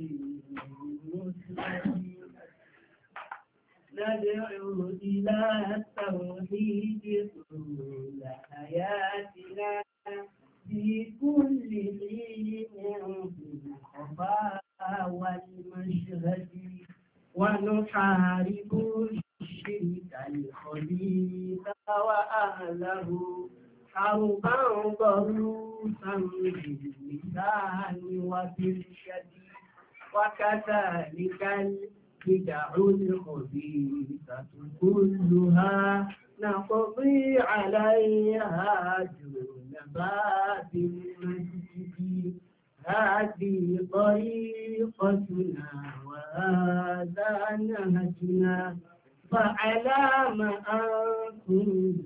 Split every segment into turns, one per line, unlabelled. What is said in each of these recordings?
ندعو إلى التوحيد طول حياتنا في كل حين الخفاء والمشهد ونحارب الشرك الخبيث وأهله حربا ضروسا باللسان وبالشديد وكذلك البدع الخبيثة كلها نقضي عليها دون باب المسجد هذه طريقتنا وهذا نهجنا فعلى ما أنتم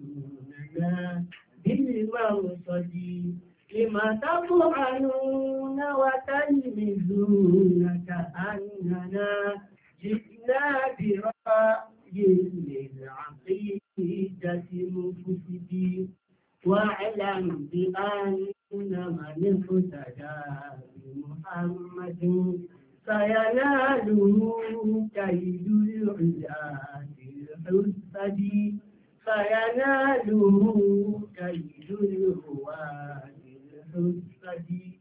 دوننا بالمرصد Lima tábù àrùn náà wá táyì mi lùnà ká àrùnàná. Jìnnà bìrọ̀ yìí lè àfi ìdásí mú fún síbí. واعلم بأن من اهتدى بمحمد سيناله كيد العزاة الحسد سيناله كيد الهوان المرسلين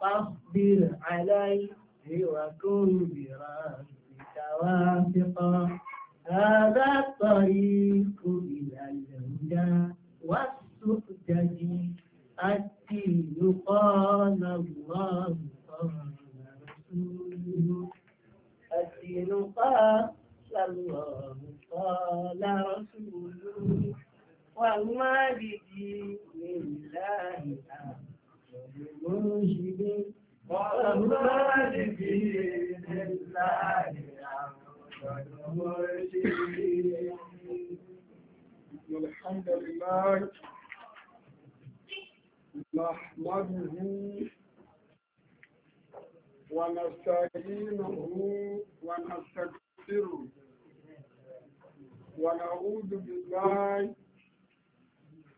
فاصبر عليه وكن براسك واثقا هذا الطريق إلى الهدى والسؤدد الدين قال الله قال رسوله الدين قال الله قال رسوله وما بدين الله أمر المنجد والله في الله الحمد لله نحمده ونستعينه ونستغفره ونعوذ بالله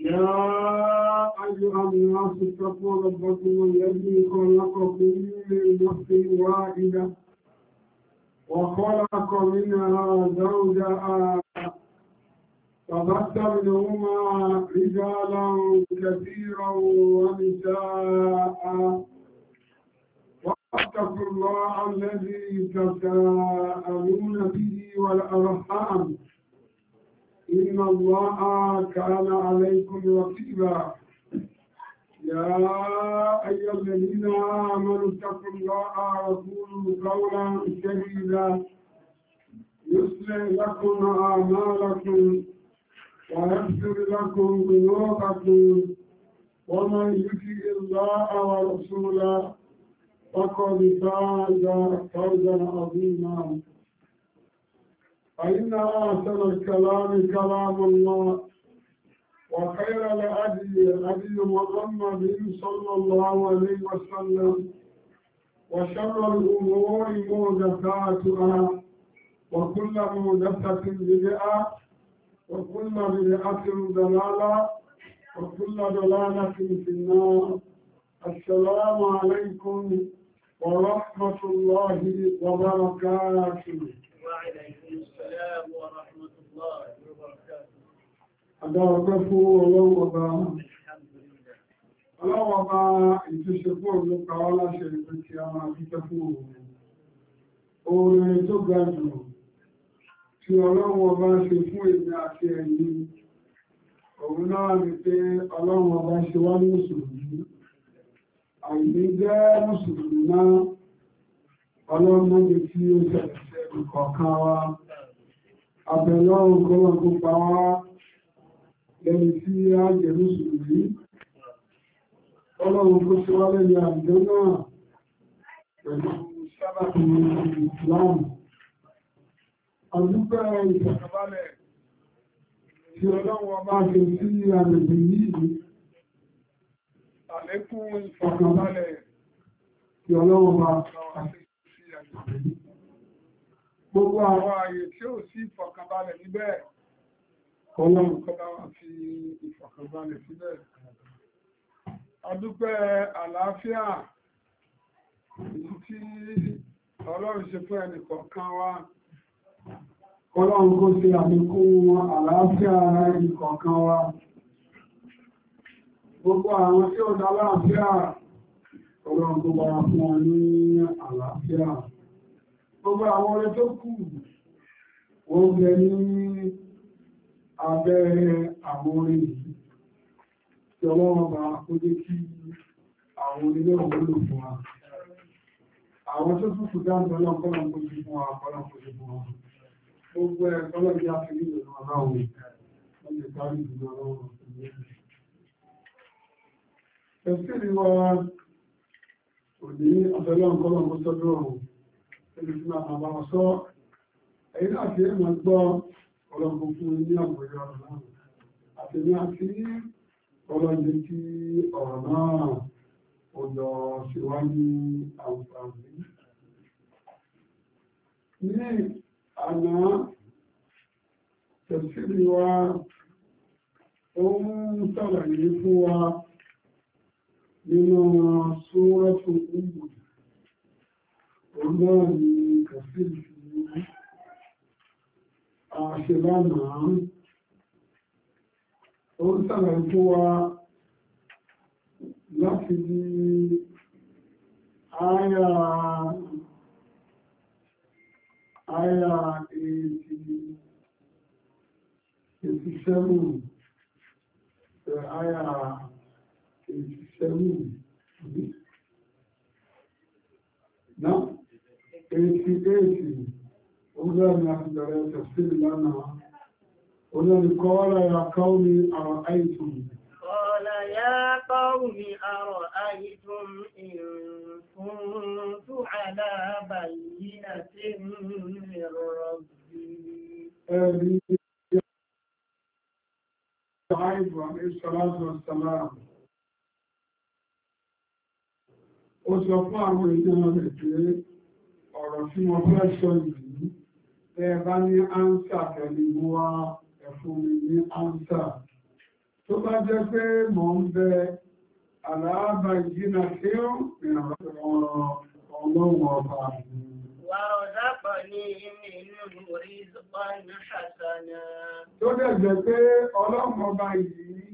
يا أيها الناس اتقوا ربكم الذي خلقكم من نفس واحدة وخلق منها زوجها فبث منهما رجالا كثيرا ونساء واتقوا الله الذي تساءلون به والأرحام إن الله كان عليكم رقيبا يا أيها الذين آمنوا اتقوا الله وقولوا قولا سديدا يصلح لَكُمْ أعمالكم ويغفر لَكُمْ ذنوبكم ومن يطع الله ورسوله فقد فاز فوزا عظيما فإن أحسن الكلام كلام الله وخير الهدي هدي محمد صلى الله عليه وسلم وشر الأمور محدثاتها وكل محدثة بدعة وكل بدعة ضلالة وكل ضلالة في النار السلام عليكم ورحمة الله وبركاته Adáwọ̀pẹ́ fún ọlọ́wọ́ ọba ọlọ́wọ́ ọba ìtúnṣe fún òun ló pa wá láṣẹ ìpé kí a máa dúpẹ́ fún òun. Orin tó ga jù tí ọlọ́wọ́ ọba ṣe fún èmi àti ẹ̀yin, òun náà ni pé ọlọ́wọ́ ọba ṣe wá ní mùsùlùmí. Àìní jẹ́ mùsùlùmí náà, ọlọ́mọdé tí ó ṣẹlẹ̀ ṣẹlẹ̀ kọ̀ọ̀kan wa, àbẹ̀lọ́run kọ́lọ̀ kópa wá lẹ́ni tí a jẹ́ mùsùlùmí ọlọ́run tó ṣe wá lẹ́ni àjọ náà pẹ̀lú sábàbí ìsìláàmù àdúgbẹ́ ìṣàkàbálẹ̀ tí ọlọ́run ọba ṣe sí àgbègbè yìí àlékún ìṣàkàbálẹ̀ tí ọlọ́run ọba ṣe sí àgbègbè yìí gbogbo àwọn àyè tí ó sí ìfọ̀kànbalẹ̀ níbẹ̀ Ọlọ́run kọ́lá wà fi ìfọ̀kànbalẹ̀ sílẹ̀. Adúpẹ́ àlàáfíà èyí tí Ọlọ́run ṣe fún ẹnìkọ̀ọ̀kan wa. Ọlọ́run kó ṣe àlékún àlàáfíà ẹnìkọ̀ọ̀kan wa. Gbogbo àwọn tí ó dá láàáfíà, Ọlọ́run tó bá fún wa ní àlàáfíà. Gbogbo àwọn ọ̀rẹ́ tó kù, wọ́n bẹ ní abẹ́ àwọn orin yìí tí ọlọ́run bá kó dé kí àwọn onílé òwúlò fún wa àwọn tó tún kù dáàbò ọlọ́pọ̀lọ́ kó sí fún wa ọlọ́pọ̀lọ́ kó sí fún wa gbogbo ẹ̀ kọ́lọ́ bí a fi rí ìlú ọlọ́run wọ́n lè parí ìlú ọlọ́run Ẹ̀sìnì wa òní ọ̀fẹ́lọ́ ọ̀kọ́lọ́ ẹni tí máa bá wọn sọ, láti ẹ̀mọ̀ gbọ́ ọlọ́run fún ní àmọ̀yọ́ ọ̀rọ̀ náà àtẹ̀lé àti ọlọ́run tí ọ̀rọ̀ náà ọjọ́ ṣèwá ní àǹfààní ní àná tẹ̀sílì wa ó ń sàlàyé fún wa nínú súnrọ́tù ìgbòdì òun náà ni tẹ̀sílì àṣẹ lánàá ó ń sàlàyé fún wa láti di àyà àyà èdè èdè sẹ́mù àyà èdè sẹ́mù náà èdè èdè. ولأن أفضل تفسير لنا ولأن قال يا قوم أرأيتم قال يا قوم أرأيتم إن كنت على بينة من ربي شعيب عليه الصلاة والسلام ó sọ fún àwọn èèyàn rẹ̀ pé ọ̀rọ̀ tí wọ́n fẹ́ sọ yìí ẹ bá ní áńsà ẹni mú wá ẹ̀fún mi ní áńsà tó bá jẹ́ pé mò ń bẹ àlàábà ìjìnà tí ó rìnrìn ọlọ́run ọba tó dẹ̀ jẹ́ pé ọlọ́run ọba yìí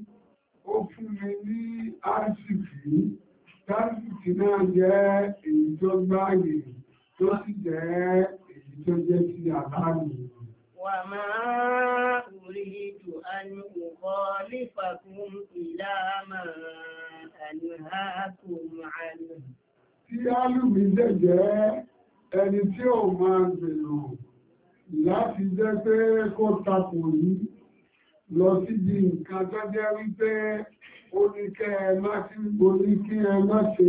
ó fún mi ní àṣìkì táṣìkì náà jẹ́ èyí tó gbáyé tó sì jẹ́ tó jẹ́ sí àbáàmì wà máa uridu an ukhalifakum ila ma anhaakum anhu tí álùmí dẹ̀ jẹ́ ẹni tí ó máa gbèrò láti jẹ́ pé kó tapò yìí lọ síbi nǹkan tó jẹ́ wípé ó ní kẹ́ ẹ má sí oníkí ẹ má ṣe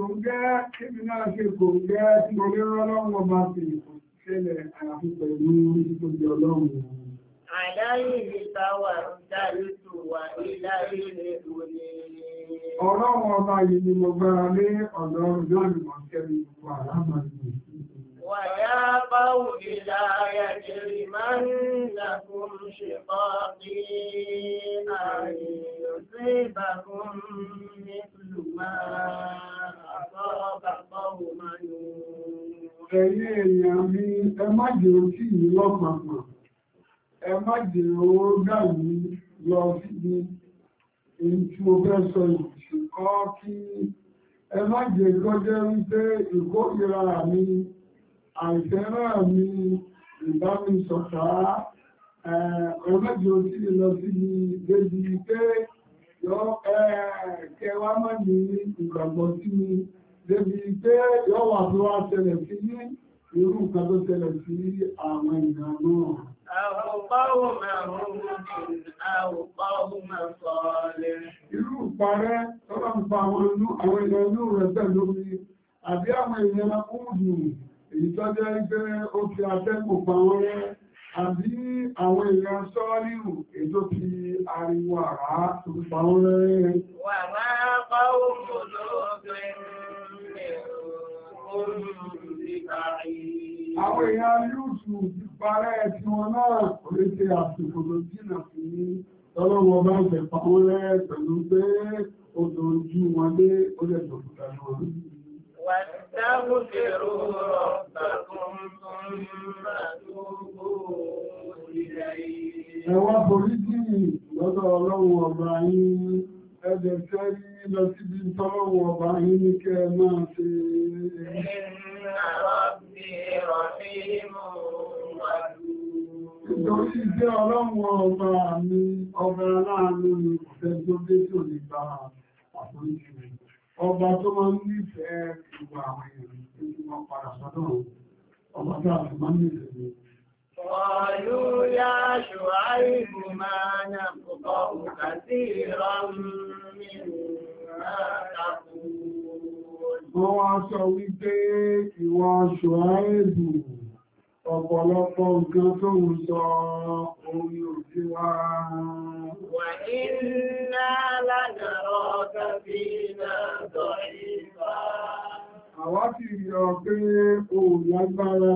gòǹgẹ́ kébì náà ṣe gòǹgẹ́ tí mo lè rán lọ́wọ́ ọba fi ìṣẹ̀lẹ̀ àyàfi pẹ̀lú ìgbòjì ọlọ́run. Àdáyé ọba yìí ni mo gbára lé ọ̀dọ́ ìjọ́ ìmọ̀ kẹ́mi ìwà àlámà yìí. ويا قوم لا يجرمنكم شقاقي أن يصيبكم مثل ما أصاب قوم Ẹ̀yin èèyàn mi, ẹ má jẹ́ òkú yìí lọ́pàpàá, ẹ má jẹ́ owó gbàgbé lọ síbi èyí tí mo fẹ́ sọ ìṣùkọ́ kí ẹ má jẹ́ kọjá wípé ìkórìíra mi àìfẹ́ràn mi ìbámisọ̀tà ọ̀rọ̀mẹ́jọ tí lè lọ sí ní lèdí pé yọ kẹwàá mọ́ ní ìgbàgbọ́ sí ní lèdí pé yọ wà tó wá ṣẹlẹ̀ sí ní irú nǹkan tó ṣẹlẹ̀ sí àwọn ìgbà náà. Irú parẹ́ tọ́lá ń pa àwọn ìlú rẹ̀ pẹ̀lú àbí àwọn èèyàn kúrù ìtọ́jẹ́ ẹgbẹ́ ó fi atẹ́kù pa wọ́n rẹ́ àbí àwọn èèyàn sọ́ọ́lìrù ètò fi ariwo àrá tó pa Àwọn èèyàn Yúùsù ti parẹ́ tí wọn náà kò ṣe àsìkò tó jìnà fún ní ọlọ́wọ́ bá ń tẹ̀pá wọn pẹ̀lú pé ó dojú wọn lé ó lẹ̀ tó fún tàbí واستغفروا ربكم ثم توبوا إليه. ẹwà polítìkì lọ́dọ̀ ọlọ́run ọba yín ẹ̀jẹ̀ sẹ́rí lọ síbi tọ́lọ́run ọba yín ní kẹ́ máa ṣe. Inna rabbi rahimun Nítorí jẹ́ ọlọ́run ọba mi, ọba aláàánú ni kò fẹ́ tó dé tò nípa àforíjì mi ọba tó máa ń nífẹ̀ẹ́ ìwà àwọn èèyàn tó ti wọ́n padà sọ́dọ̀ ọba tó àti máa ń nífẹ̀ẹ́ ni. Ọ̀lú yá ṣùháìbù máa ń àkùkọ òkà sí ìrọ̀rùn Wọ́n wá sọ wípé ìwọ̀n ọ̀pọ̀lọpọ̀ nǹkan tó ń sọ orí òjú wa. Wà iná lánàrọ̀ ọ̀gá bí iná tọ̀ ìfà. Àwa ti yọ pé òun tó lè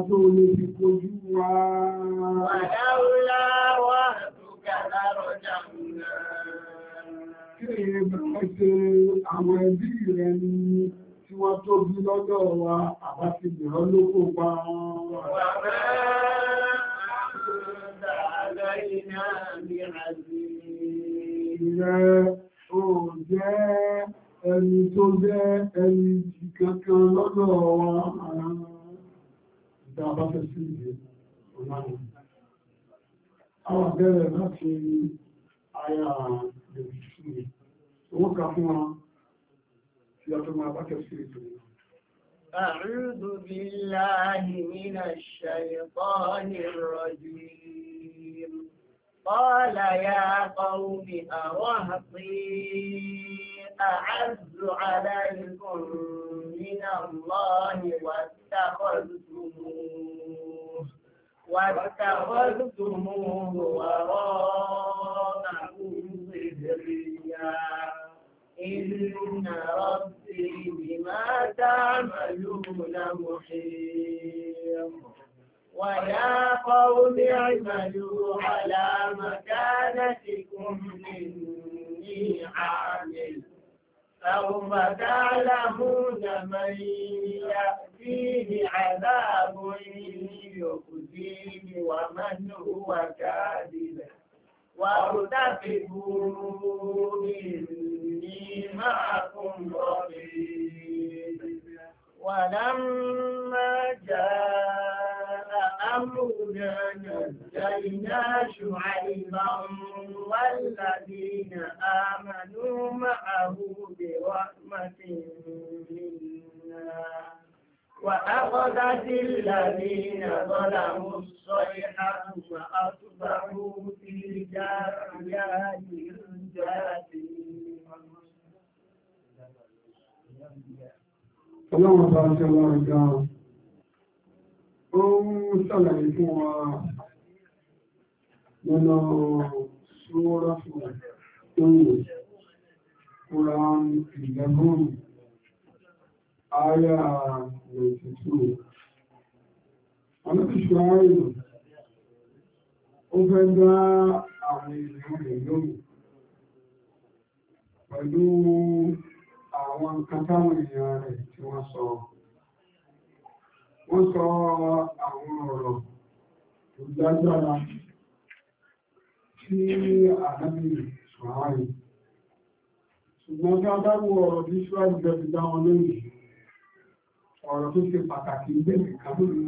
fi kojú wa. Àdáwúlá wà lókà lárọjà múlá. Kí ni ìbáṣe àwọn ẹbí rẹ ni? tí wọ́n tóbi lọ́dọ̀ wa àbá ti gbìyàn lókò pa wọn. Ìrẹ́ Àwọn bẹ̀rẹ̀ láti àyà ìrìsí. Owó kà fún wọn. أعوذ بالله من الشيطان الرجيم قال يا قوم أرهطين أعز عليكم من الله واتخذتموه واتخذتموه وراءكم ظهريا إن ربي بما تعملون محيط ويا قوم اعملوا على مكانتكم إني عامل سوف تعلمون من يأتيه عذاب يخزيه ومن هو كاذب وارتقبوا إني معكم رقيب ولما جاء أمرنا نجينا شعيبا والذين آمنوا معه برحمة منا وأخذت الذين ظلموا الصيحة وأصبحوا في جاريهم جاثمين اللهم بارك او صلي فيها من سوره القران الكريم àyà 92. Àlọ́bìṣọ́ àìrò, ó fẹ́ dá àwọn ènìyàn rẹ̀ lóhùn pẹ̀lú àwọn kátàwọn èèyàn rẹ̀ tí wọ́n sọ. Wọ́n sọ àwọn ọ̀rọ̀ tó dájára tí àdábì ṣùgbọ́n tí a bá wo ọ̀rọ̀ bí ṣúwájú gẹ̀ẹ́bì dáwọn lónìí ọ̀rọ̀ tó ṣe pàtàkì ń bẹ̀rẹ̀ ìkàlórí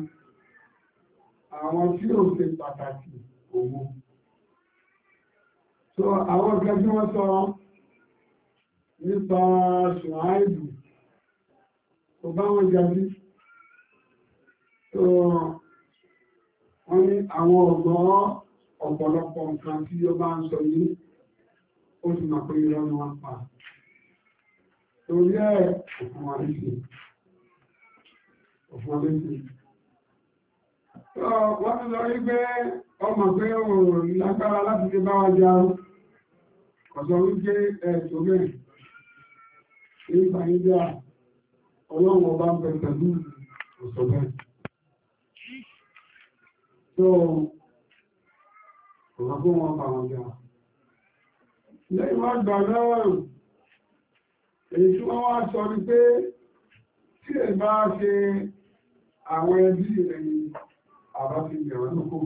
àwọn tí ó ṣe pàtàkì owó so àwọn ọ̀gẹ́ tí wọ́n sọ nípa ṣùgbọ́n kò bá wọn jàbí so wọ́n ní àwọn ọ̀gbọ́n ọ̀pọ̀lọpọ̀ nǹkan tí ó bá ń sọ yìí ó sì mọ̀ pé ìrọ́nà wọn pa torí ẹ̀ òfin ọlẹ́sìn wọ́n ti lọ rí pé ọmọ pé òòrùn lágbára láti fi bá wa jà ọ̀sọ̀ wípé ẹ̀ẹ̀tọ́ mẹ́rin ní ìbànújẹ́ ọlọ́run ọba ń bẹ pẹ̀lú ọ̀sọ̀ mẹ́rin tó ọ̀rọ̀ fún wọn bá wọn jà lẹ́yìn wá gbà náà èyí tí wọ́n wá àwọn ẹbí rẹ̀ ni àbá fi bẹ̀rẹ̀ lókò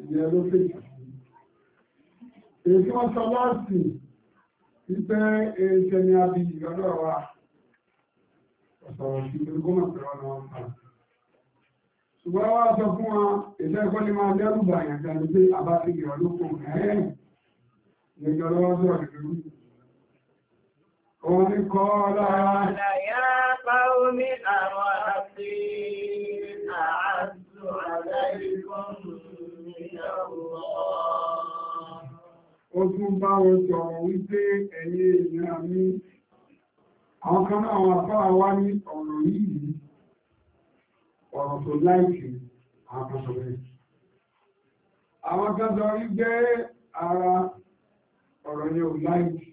ìyẹn ló fèjì èyí wọ́n sọ láti wípẹ́ ẹ̀ẹ́sẹ̀ ni a bí ìrọ̀lọ́ wa ọ̀sọ̀rọ̀ sí gbogbo mọ̀sọ̀rọ̀ náà ń pa ṣùgbọ́n wá sọ fún wa ìṣẹ́ ẹ̀kọ́ ni máa dẹ́rù bàyàn kan ní pé àbá fi bẹ̀rẹ̀ lókò ẹ̀ẹ́ Oníkọ́lá. Àlàyá bá omi àwọn àti àásù àláìkọ́nù ìyàwó. Ó tún bá wọn sọ̀rọ̀ wípé ẹ̀yẹ ìyá mi. Àwọn kan náà wà fáà wá ní ọ̀rọ̀ yìí, ọ̀rọ̀ tó láìkì àwọn kan sọ bẹ́ẹ̀. Àwọn kan sọ rí gbé ara ọ̀rọ̀ yẹn ò láìkì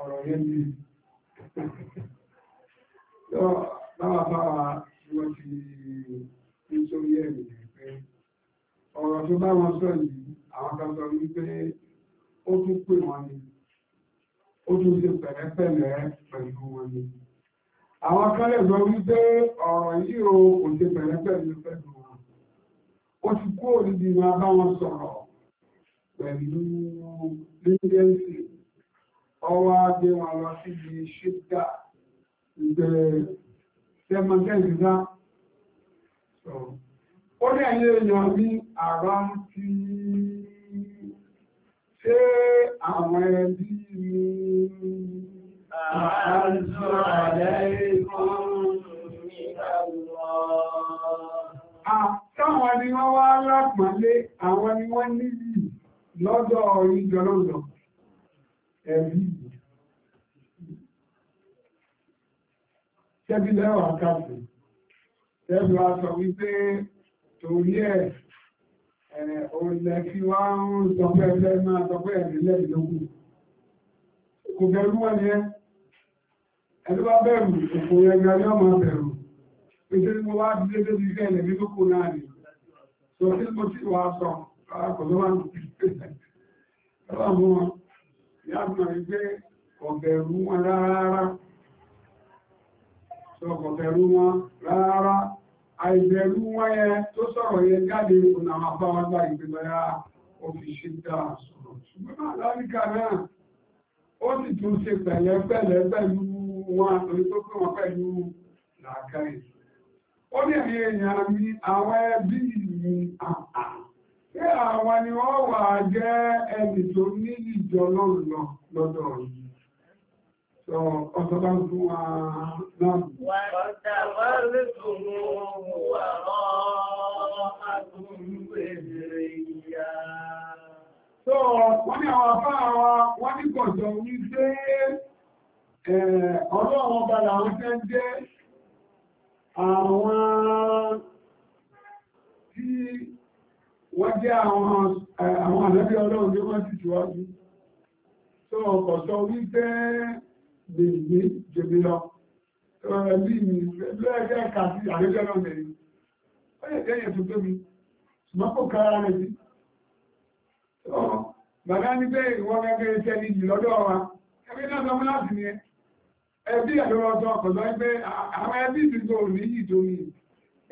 ọ̀rọ̀ tó bá wọn sọ yìí àwọn kan sọ wípé ó tún pè wọ́n ni ó tún ṣe pẹ̀lẹ́pẹ̀lẹ́ pẹ̀lú wọn ni àwọn kan lè sọ wípé ọ̀rọ̀ yìí o kò ṣe pẹ̀lẹ́pẹ̀lẹ́ pẹ̀lú wọn ó ti kú òdìdí wọn bá wọn sọ̀rọ̀ pẹ̀lú líńdẹ́ǹsì ọwọ́ agbé wọn lọ sí ibi ṣídà ìgbẹ̀rẹ̀ tẹ́mọ̀tẹ́ìdá ó ní ẹ̀yẹ èèyàn ní àrá ti ṣe àwọn ẹbí mi àájú àlẹ́ ìkan ní àwọ̀ àtàwọn ni wọ́n wá lápàálé àwọn ni wọ́n níyì lọ́dọ̀ ìjọlọ́dọ̀ ẹbí tẹ́bí lẹ́wọ̀ àkàfẹ́ tẹ́bí wa sọ wípé torí ẹ̀ òlẹ̀ fi wá ń sọ pé ẹgbẹ́ máa sọ pé ẹ̀rí lẹ́ẹ̀dógún kò bẹ̀rù wọn yẹ ẹni bá bẹ̀rù òkò ẹgbẹ́ yóò máa bẹ̀rù pèsè ni mo wá dídé débi fẹ́ ilẹ̀ mi tó kó náà ni sọ kí mo láàmà ẹgbẹ́ ọ̀bẹ̀rú wọn rárá ọ̀bẹ̀rú wọn rárá àìbẹ̀rú wọn yẹ tó sọ̀rọ̀ yẹ jáde dáa sọ̀rọ̀ ṣùgbọ́n náà ó sì tún ṣe wọn wọn pẹ̀lú ṣé àwọn ni wọ́n wà jẹ́ ẹni tó ní ìjọ lọ́rùn lọ́dọ̀ yìí sọ ọ̀sọ̀ bá ń fún wa náà. wà á tàbá lẹ́kùn wà rọ́ àtúntò èdè ìyá. So, wọ́n ní àwọn afá wa, wọ́n ní kọ̀jọ ní pé àwọn tí wọ́n jẹ́ àwọn ànábí ọlọ́run tí wọ́n ti ṣíwájú tó ọkọ̀ sọ wípé bèèrè jèmi lọ ẹ̀lú ẹgbẹ́ kàtí ànábí ọlọ́run bèèrè ó yẹ kẹ́yẹ̀ tó tóbi ṣùgbọ́n kára rẹ̀ sí bàbá ní pé ìwọ gẹ́gẹ́ iṣẹ́ ní jù lọ́dọ̀ wa ẹgbẹ́ náà sọ mú láti ní ẹbí àdúrà ọjọ́ ọkọ̀ lọ pé àwọn ẹbí ìdìbò ní ìdòmí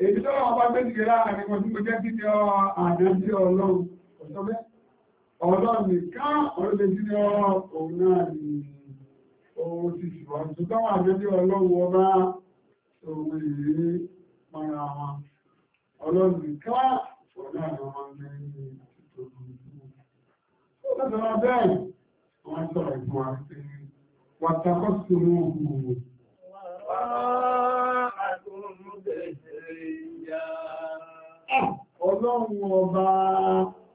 Èdè tó wọ́n bá gbé jìgẹ̀ láàrin kan tí mo jẹ́ kí ní àdájí ọlọ́run, ọ̀sọ́bẹ́, ọlọ́run nìkan ọ̀rọ̀lẹ́ sí ní ọ̀rọ̀ náà ni owó ti ṣùgbọ́n tó tọ́wọ́ àjọ́jí ọlọ́run ọba òun ìrírí mara wọn. Ọlọ́run nìkan ọ̀rọ̀ náà ni wọ́n gbé ní ìtòkùn. Ó Ọlọ́run ọba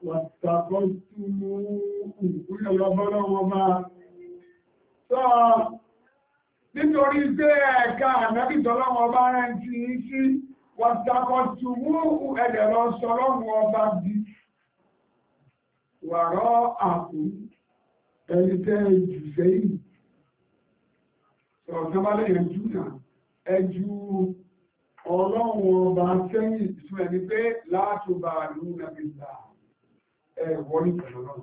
wàtàkọ́ túnmú ìpínlẹ̀ ọlọ́bọ́lọ́run ọba. Sọ nítorí pé ẹ̀ka ànábìtọ́lọ́run ọba rẹ̀ ti ń sí wàtàkọ́ túnmú ẹ̀dẹ̀rọ sọlọ́run ọba bí wàrọ́ àpò ẹni tẹ́ jù sẹ́yìn. Sọ̀rọ̀ ọlọ́run ọba sẹ́yìn ìtún ẹni pé látùbà lúnà bíbà ẹ̀wọ́lì pẹ̀lú náà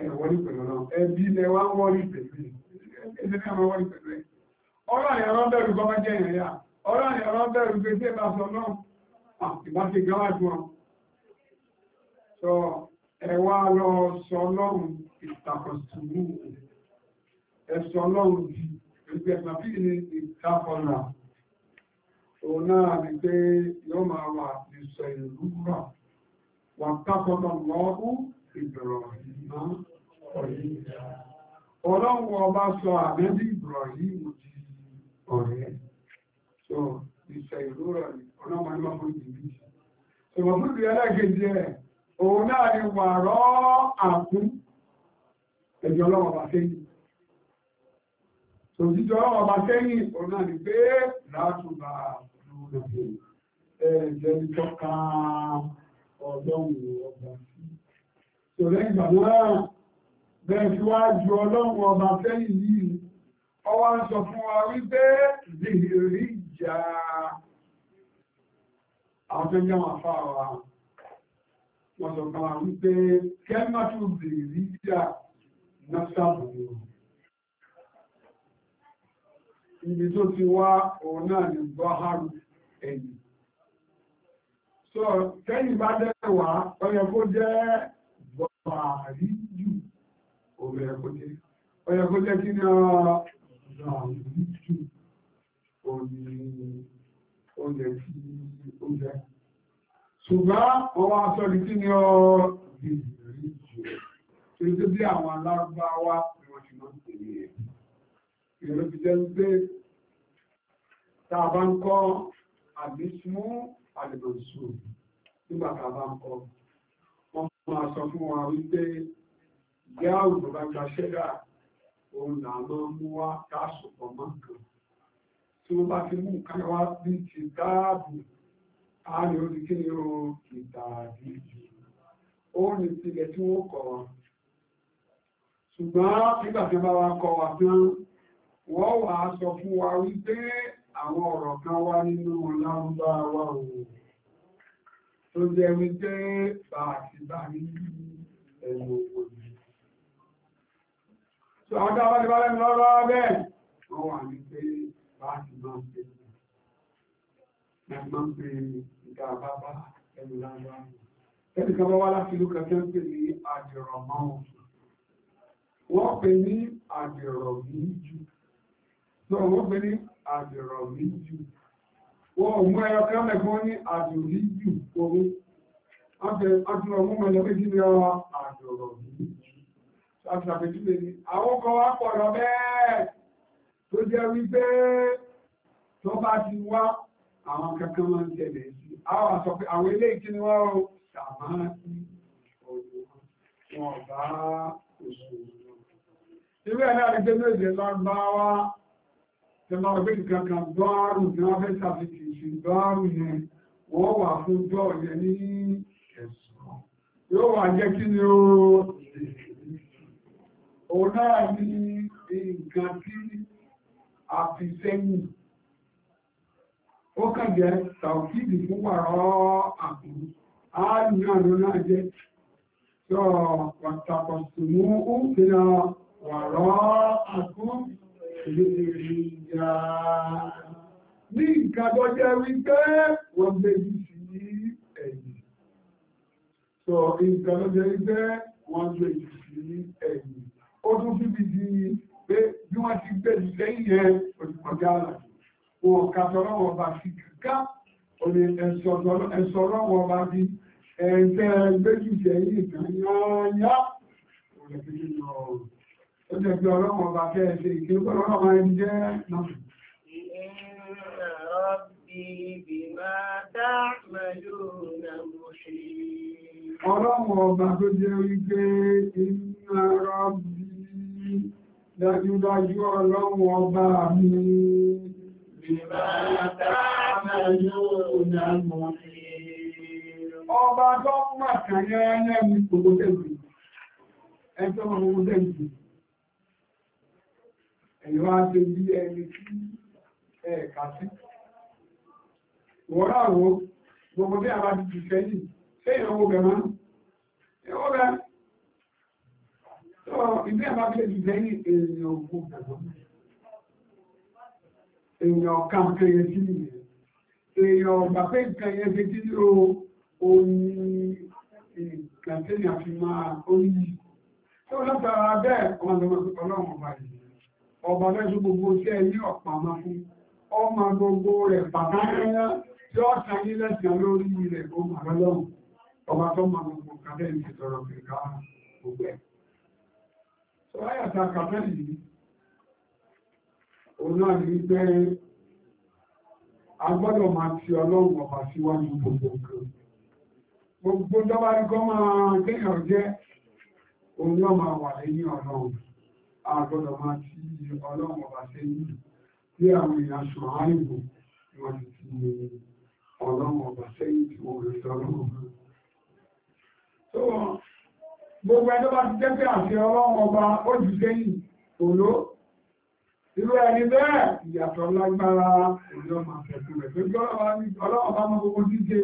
ẹ̀wọ́lì pẹ̀lú náà ẹbí ilẹ̀ wá ń wọ́lì pẹ̀lú ẹ̀ẹ́dẹ́ ní àwọn wọ́lì pẹ̀lú ẹ̀ ọ̀rọ̀ àyẹ̀ ọ̀rọ̀ bẹ̀rù bọ́ jẹ́ ìrìn yá ọ̀rọ̀ àyẹ̀ ọ̀rọ̀ bẹ̀rù pé tí ẹ bá sọ náà ìbá ti gán wájú wọn sọ ẹwà lọ sọ ọlọ́run ìtàkọ̀sùn ẹ̀sọ ọlọ́run yìí Ìgbẹ́ màbí ni ìtàkọ̀nà. Òun náà ni pé yóò máa wà ìsọ̀ ìlú rà. Wà tákọ̀nà lọ́rú ìbẹ̀rọ̀ ìmá ọ̀rẹ́ ìjà. Ọlọ́run ọba sọ àmẹ́bí ìbọ̀rọ̀ yìí mo ti ọ̀rẹ́. So ìsọ̀ ìlú rà ni ọlọ́run ọba fún ìdìbí. Ìwọ̀n fún ìdí ẹlẹ́gẹ̀ẹ́jì ẹ̀, òun náà ni wà rọ́ àkún ẹjọ́ ọlọ́run ọba fẹ́yìn. Sòtítọ́ ọlọ́wọ́ bá sẹ́yìn òun náà ni pé látùbà lóòrùn ẹ̀jẹ̀ ìtọ́ka ọlọ́run ọba sí. Sòrẹ́ ìgbà náà bẹ́ẹ̀ tí wá ju ọlọ́run ọba sẹ́yìn yìí, ọwá ń sọ fún wa wípé zìhìrì ìjà àwọn tó ń jẹ́ wọn fà wá. Wọ́n sọ fún wa wípé kẹ́mọ́tò zìhìrì ìjà náà sábà ibi tó ti wá òun náà ní bọ́hárù ẹ̀yìn so kẹ́yìn bá dẹ́wà ọyẹ kó jẹ́ bọ̀hárì jù òun ẹ̀ kó jẹ́ ọyẹ kó jẹ́ kí ní ọ̀hárì jù òun ní oúnjẹ tí ó jẹ́ ṣùgbọ́n wọ́n wá sọ ní kí ní ọ̀hárì jù tó bí àwọn alágbáwá ni wọ́n ti máa ń pè ní ẹ̀kọ́ ìlú fi jẹ́ ń gbé tàbá ń kọ́ àbísmú àdìbòsù nígbà tàbá ń kọ́ wọ́n máa sọ fún wa wípé gáàrù tó bá gba ṣẹ́gà òun là máa mú wá tásùpọ̀ mọ́ tí wọ́n bá ti mú nǹkan bí ti dáàbò àárín ó ìtààdì ó ní ìpìlẹ̀ tí wọ́n wà á sọ fún wa wípé àwọn ọ̀rọ̀ kan wá nínú lárúbáwá o tó jẹ́ wípé bá àti bá ní ẹ̀yìn òkú yìí. Sọ àwọn tó àwọn ìbálẹ̀ lọ́rọ̀ bẹ́ẹ̀ wọ́n wà ní pé ń pè é ìgbà bàbá ẹ̀mí lárúbáwá. Ẹni kan bá wá láti ìlú tó wọ́n pè ní àdìrọ̀rí jù wọ́n mú ẹyọ kẹ́lẹ̀ fún ní àdìrọ̀rí jù orí ọjọ́ mú mẹ́lẹ̀ pé jílẹ̀ àdìrọ̀rí jù ṣàfihàn ní àwọn kan wá pọ̀rọ̀ bẹ́ẹ̀ tó jẹ́ wípé tó bá ti wá àwọn kankan máa ń tẹ̀lé sí àwọn àsọ pé àwọn ilé ìkíni wá ó sàmáà sí ọ̀dọ̀ wọn bá òṣèlú. Irú ẹ̀ náà rí pé méje lọ gbá wá tẹ́lá ọgbẹ́ nǹkan kan dọ́ọ̀rù ní wọ́n fẹ́ sàfihàn ìṣù dọ́ọ̀rù yẹn wọ́n wà fún dọ́ọ̀ yẹn ní ẹ̀sùn yóò wà jẹ́ kí ni ó òun náà ní nǹkan tí a fi sẹ́yìn ó kàn jẹ́ tàùkìdì fún wàrọ̀ àbúrú á ní àná náà jẹ́ sọ pàtàkì mú ó fi hàn wàrọ̀ àbúrú ìlúmìnira ní nǹkan tó jẹ́ wípé wọ́n gbéjú sí ẹ̀yìn sọ nǹkan tó jẹ́ wípé wọ́n gbéjú sí ẹ̀yìn ó tún síbi di pé bí wọ́n ti gbéjú lẹ́yìn ẹ̀ òṣìkọjá àlàyé wọn kà sọ́rọ́ ó ní ẹ̀sọ́rọ́ ẹgbẹ́ ọlọ́run ọba kẹ́ẹ̀ṣe ìkéwọ́ ọlọ́run ẹni jẹ́ náà Ọlọ́run ọba tó jẹ́ wípé iná rọ́bí dájúdájú ọlọ́run ọba mi. Ọba tó mọ̀ kàyẹ́ ẹlẹ́mi kòkòtẹ́gbì. ọmọ ọmọdé ìgbì ẹ̀yìn wá ṣe bí ẹni tí ẹ̀ẹ̀ka sí wọ́n ráwo gbogbo bí àbá ti ti sẹ́yìn ṣé ìrànwọ́ bẹ̀ máa ẹ̀wọ́ bẹ̀ tó ìdí àbá ti ti sẹ́yìn èèyàn òkú bẹ̀ máa èèyàn kan kẹyẹ sí nìyẹn èèyàn ọ̀gbà pé nǹkan yẹn fi tí ó oní nǹkan tẹ́lẹ̀ àfi máa ó yí tó lọ́tara bẹ́ẹ̀ ọmọdé ọlọ́run ọba yìí ọba fẹ́ sún gbogbo tí ẹ ní ọ̀pá máa fún ọmọ gbogbo rẹ̀ bàbá rẹ̀ tí ó ta ní lẹ́sìn lórí rẹ̀ ó mà lọ́lọ́run ọba tó máa gbogbo ní gbogbo nǹkan gbogbo jọba rí kọ́ máa kéèyàn jẹ́ òun máa wà lẹ́yìn ọlọ́run àgbọ́dọ̀ máa ti ọlọ́run ọba sẹ́yìn tí àwọn èèyàn sọ àìbò wọ́n ti ti ọlọ́run ọba sẹ́yìn tí wọ́n rẹ̀ sọ́lọ́run gbogbo ẹjọ́ bá ti jẹ́ pé àti ọlọ́run ọba ó jù sẹ́yìn òló irú ẹni bẹ́ẹ̀ ìyàtọ̀ lágbára òjò máa fẹ̀kú rẹ̀ tó gbọ́ ọlọ́run ọba mọ́ gbogbo jíjẹ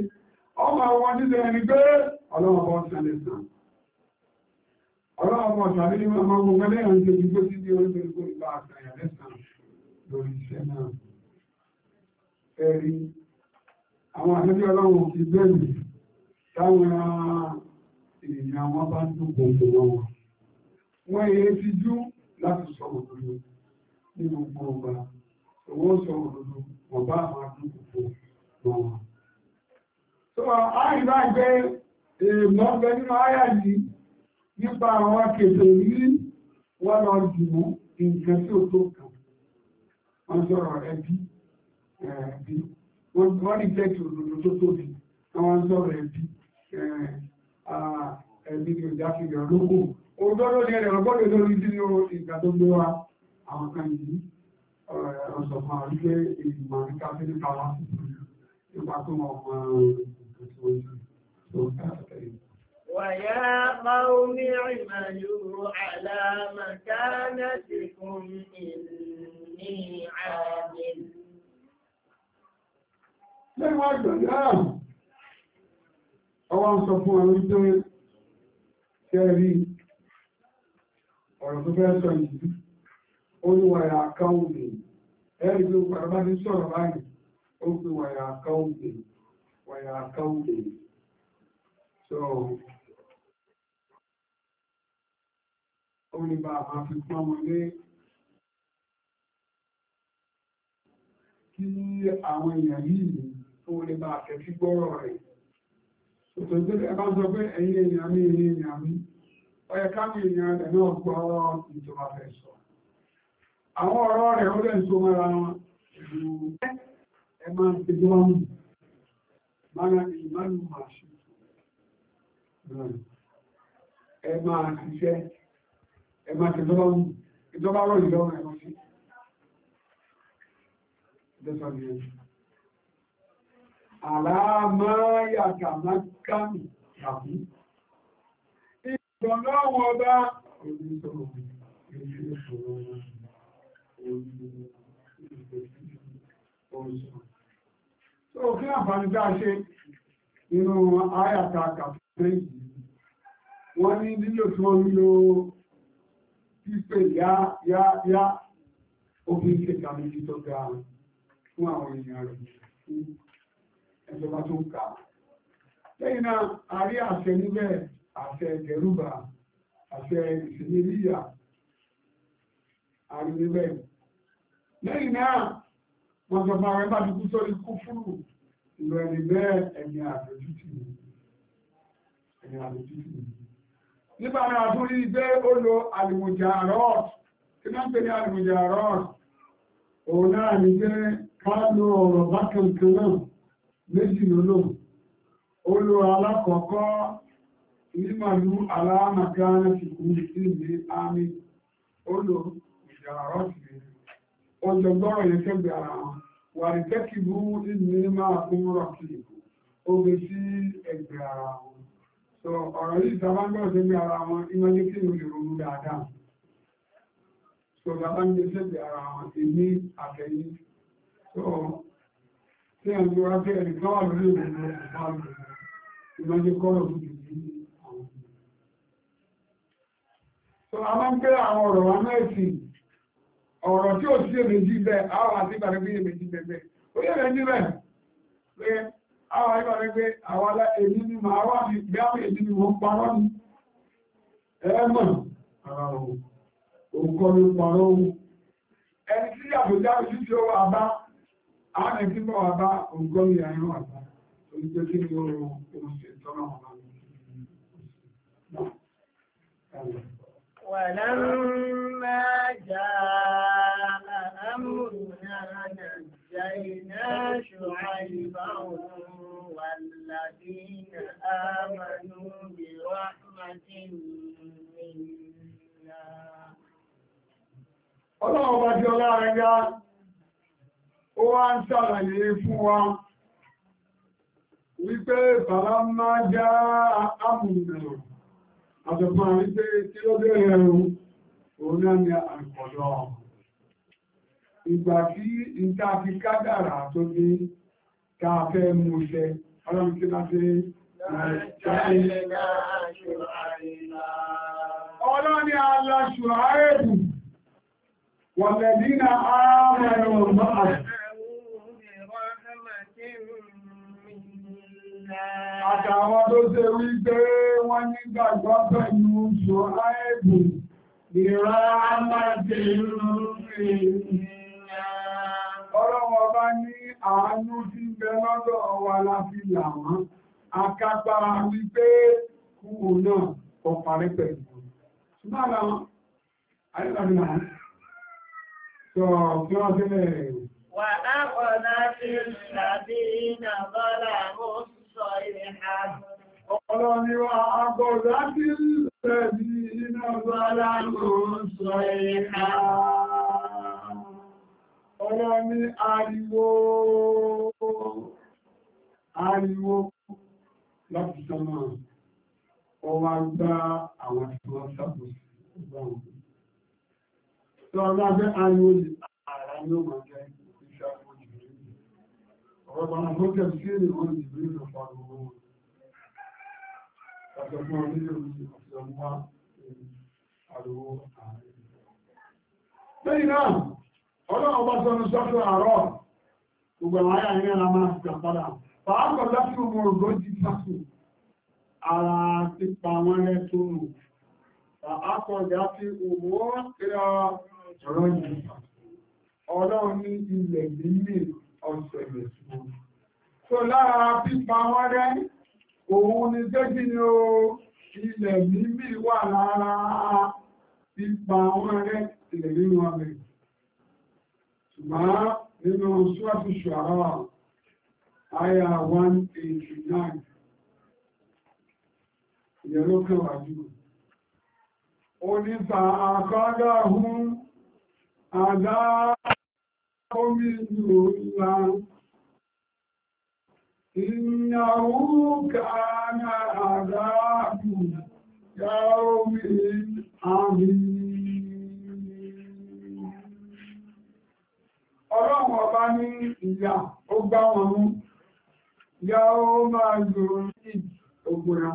ọmọ àwọn jíjẹ ẹni pé ọlọ́run ọba ń sẹ́lẹ̀ sàn ọlọ́ọ̀mọ tàbí ní ọmọ gbogbo lẹ́yìn tó ti gbó sí ní orílẹ̀ èdè ìgbà àtàyà lẹ́sàn lórí iṣẹ́ náà ẹ̀rí àwọn àtẹ́bí ọlọ́run ti bẹ̀rù táwọn èèyàn wọn bá ń dùn gbogbo wọn wọn wọ́n yẹ ti jú láti sọ òdodo nínú gbogbo owó sọ òdodo wọ́n bá máa dùn gbogbo wọn wọn. sọ àìbá ìgbẹ́ nípa àwọn akẹ̀tẹ̀ rí wọ́n lọ jùmú nǹkan tí ó tó kàn wọ́n sọ̀rọ̀ ẹbí ẹbí wọ́n rí jẹ́ òdòdó tó tóbi wọ́n sọ̀rọ̀ ẹbí ẹbí ní ọjà fi rẹ̀ lóko òdòdó ní ẹ̀rẹ̀ ọgbọ́dọ̀ lórí sínú ìgbà tó gbé wa àwọn kan yìí ọ̀sọ̀ fún àwọn ilé ìgbìmọ̀ àríkà sí nípa wa nípa tó mọ̀ ọmọ ìgbà tó ń sọ ويا قوم اعملوا على مكانتكم إني عامل lẹ́wọ́n àgbàdá ọwọ́ ń sọ fún àwọn tó tẹ́rí ọ̀rọ̀ tó fẹ́ sọ yìí olúwàyà àkáwùmí ẹ̀rí tó pàdàbá ní sọ̀rọ̀ báyìí ó pè wàyà àkáwùmí wàyà àkáwùmí oníbà àwọn àfikún ọmọ lé kí àwọn èèyàn yìí tó lè bá àtẹ̀tí gbọ́rọ̀ rẹ̀ tòtò tó lè bá sọ pé ẹ̀yìn èèyàn mi ẹ̀yìn èèyàn mi ọyẹ káàkiri èèyàn rẹ̀ náà gbọ́ ìjọba fẹ́ sọ àwọn ọ̀rọ̀ rẹ̀ ó lẹ̀ ń so mọ́ra wọn ìlú ẹ máa ń ẹ̀mà ìjọba rọ̀ ìlọ́run ẹ̀rọ sí Àlámáyàtàmákàmì tàbí. Ìjọ̀nà wọn bá oníṣòro ilé ìṣòro oríṣòro. Tó kí àǹfààní bá ṣe inú ayàtà kàfẹ́ yìí, wọ́n ní lílò tí wọ́n ń lo pípé yá yá yá obìnrin ṣe kàmíjì tó ga fún àwọn èèyàn rẹ̀ fún ẹjọba tó ń lẹ́yìn náà a rí àṣẹ níbẹ̀ àṣẹ ìdẹ́rùbà àṣẹ ìṣèléríyà a rí níbẹ̀. lẹ́yìn náà wọ́n sọ fún ààrẹ bá ti kú sórí kúfúrú ìlú ẹni bẹ́ẹ̀ ẹ̀yìn àdójútì ẹ̀yìn àdójútì nìyí nígbà náà tún rí pé ó lo àlùmọ̀jà rọ́ọ̀t kí náà ń pè ní àlùmọ̀jà rọ́ọ̀t òun náà ní pé ká lo ọ̀rọ̀ bákan kan náà méjì lólò ó lo alákọ̀ọ́kọ́ ìmọ̀lú aláàmàkáná ti kú ìlú àmì ó lo ìjà rọ́ọ̀t ọjọ́gbọ́rọ̀ yẹn kẹ́gbẹ̀ ara wọn wà ní tẹ́kìbú ìlú máa fún rọ̀kì ó gbé sí ẹgbẹ̀ ara wọn so ọ̀rọ̀ yìí tàbá gbọ́ sí bí ara wọn imájú kí ní olè ronú dáadáa so tàbá ń ara wọn èmi àtẹ̀yìn so tí a ń gbé wá pé ẹnìkan wà lórí ìrònú a máa ń pé àwọn ọ̀rọ̀ wa mẹ́sì ọ̀rọ̀ tí ò sí èméjì bẹ́ẹ̀ àwọn àti ìbàrẹ́gbé èméjì bẹ́ẹ̀ bẹ́ẹ̀ àwọn ẹgbẹ́ pé àwọn èyí ni máa wà ní gbáwọ̀ èyí ni wọ́n parọ́ ní ẹ̀mọ̀ ara ohun òkọ́ ló parọ́ ohun ẹni tí àbòjá ojú tí ó wà bá àwọn ẹ̀kí bọ̀ wà bá òkọ́ ní àyàn wà ولما جاء أمرنا نجينا شعيبا والذين آمنوا برحمة منا Ọlọ́run bá jọ láàrin yá, ó wá ń ṣàlàyé fún wa wípé bàbá máa já àmùnà àjọ̀fà wípé tí ó bẹ̀rẹ̀ ẹ̀rùn òun náà ni àkọ̀lọ́ ìgbà tí ìta fi kádàrà tó ní káàfẹ́ mú ṣẹ ọlọ́run tí láti àtàwọn tó ṣe wí pé wọ́n nígbàgbọ́ pẹ̀lú ṣọ́ ààrẹ̀bù ìrọ̀ àmàtẹ̀lú rẹ̀ ọlọ́run ọba ní àánú tí ń bẹ lọ́dọ̀ wa láti là wọ́n akágbá wípé kúrò náà kọ parí pẹ̀lú ṣùgbọ́n àwọn àyíkàdé náà sọ kí wọ́n sílẹ̀ wà ápọ̀lá sí ìlàbí iná bọ́lá ni wà ápọ̀lá sí ìlàbí iná bọ́lá mú sọ ilẹ̀ ọ̀rọ̀ ariwo ariwo láti sánmà ọwá gbá àwọn tí wọ́n sàbòsí ọgbà wọn tó ọgbà bẹ́ ariwo lè ààrà ní ọmọ jẹ́ ìṣẹ́ ọ̀rọ̀bàrà tó kẹ́ sí èrè wọn ìgbèrè ìrọ̀pàá wọn Àjọ̀gbọ́n orílẹ̀-èdè ọ̀sẹ̀ náà, ọlọ́run ọba sọ́nà sọ́tọ̀ àárọ̀ gbogbo àwọn ayà ní ara máa gbà padà pàápàá láti ọmọ ògbó ti sàkó ara ti pa wọn rẹ tó nù pàápàá láti ọmọ ìrà ọ̀rọ̀ yìí ọlọ́run ní ilẹ̀ nílé ọ̀sẹ̀ rẹ̀ so lára pípa wọn rẹ òun ni jẹ́jì ni o ilẹ̀ mímí wà lára pípa wọn rẹ ilẹ̀ nínú ọmọ máa nínú ṣúwàtí ṣùgbọ́n àyà 189 ìyẹ̀ló kẹwàá jù oníta àkọ́dá hún àdá omi ìlú ńlá ìnáwó kàánà àdá omi àmì ọlọ́run ọba ní ìyà ó gbá wọn mú ìyà ó máa gbòòrò sí ògbòrà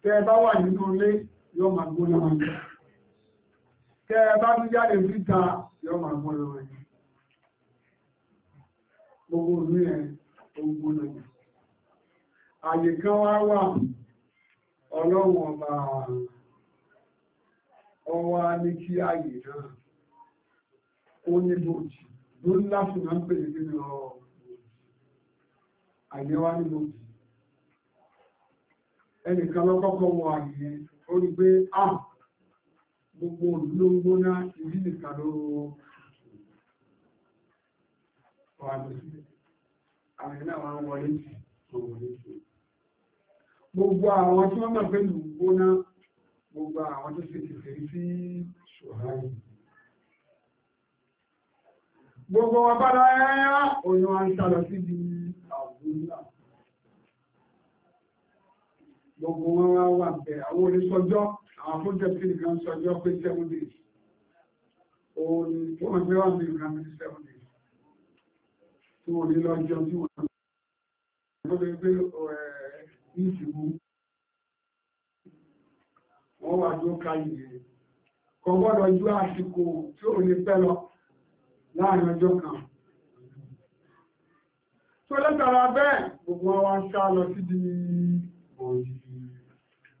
tẹ ẹ bá wà nínú ilé yóò máa gbóná wọn yìí tẹ ẹ bá tún jáde síta yóò máa gbóná wọn yìí gbogbo òní ẹ ó gbóná yìí àyè kan wá wà ọlọ́run ọba ọwọ́ á ní kí àyè náà ó ní bòjì ló ń láti máa ń pè ní nínú àyẹ̀wá ní bòjì ẹnìkan lọ́kọ́kọ́ wọ àyẹ̀ ó rí pé à gbogbo olóngbó náà ìdí nìkan ló wà lóṣìṣẹ́ àmì náà wà ń wọlé jù wọlé jù gbogbo àwọn tí wọ́n mọ̀ pé lùgbóná gbogbo àwọn tó ṣe kìfèrí sí ṣòháyìí gbogbo wọn bá lọ ẹ́yá òyìn wọn ń sàlọ̀ sí di àwòrán gbogbo wọn wá wà bẹ̀ àwọn olùsọjọ́ àwọn fúnjẹ tí nìkan sọjọ́ pé seven days òun tó wọn gbé wà ní nǹkan ní seven days tí wọn ní káyìí kò gbọ́dọ̀ ju àsìkò tí ò ní pẹ́ lọ láàrin ọjọ́ kan tó lẹ́tàrà bẹ́ẹ̀ gbogbo wa ń sá lọ sí di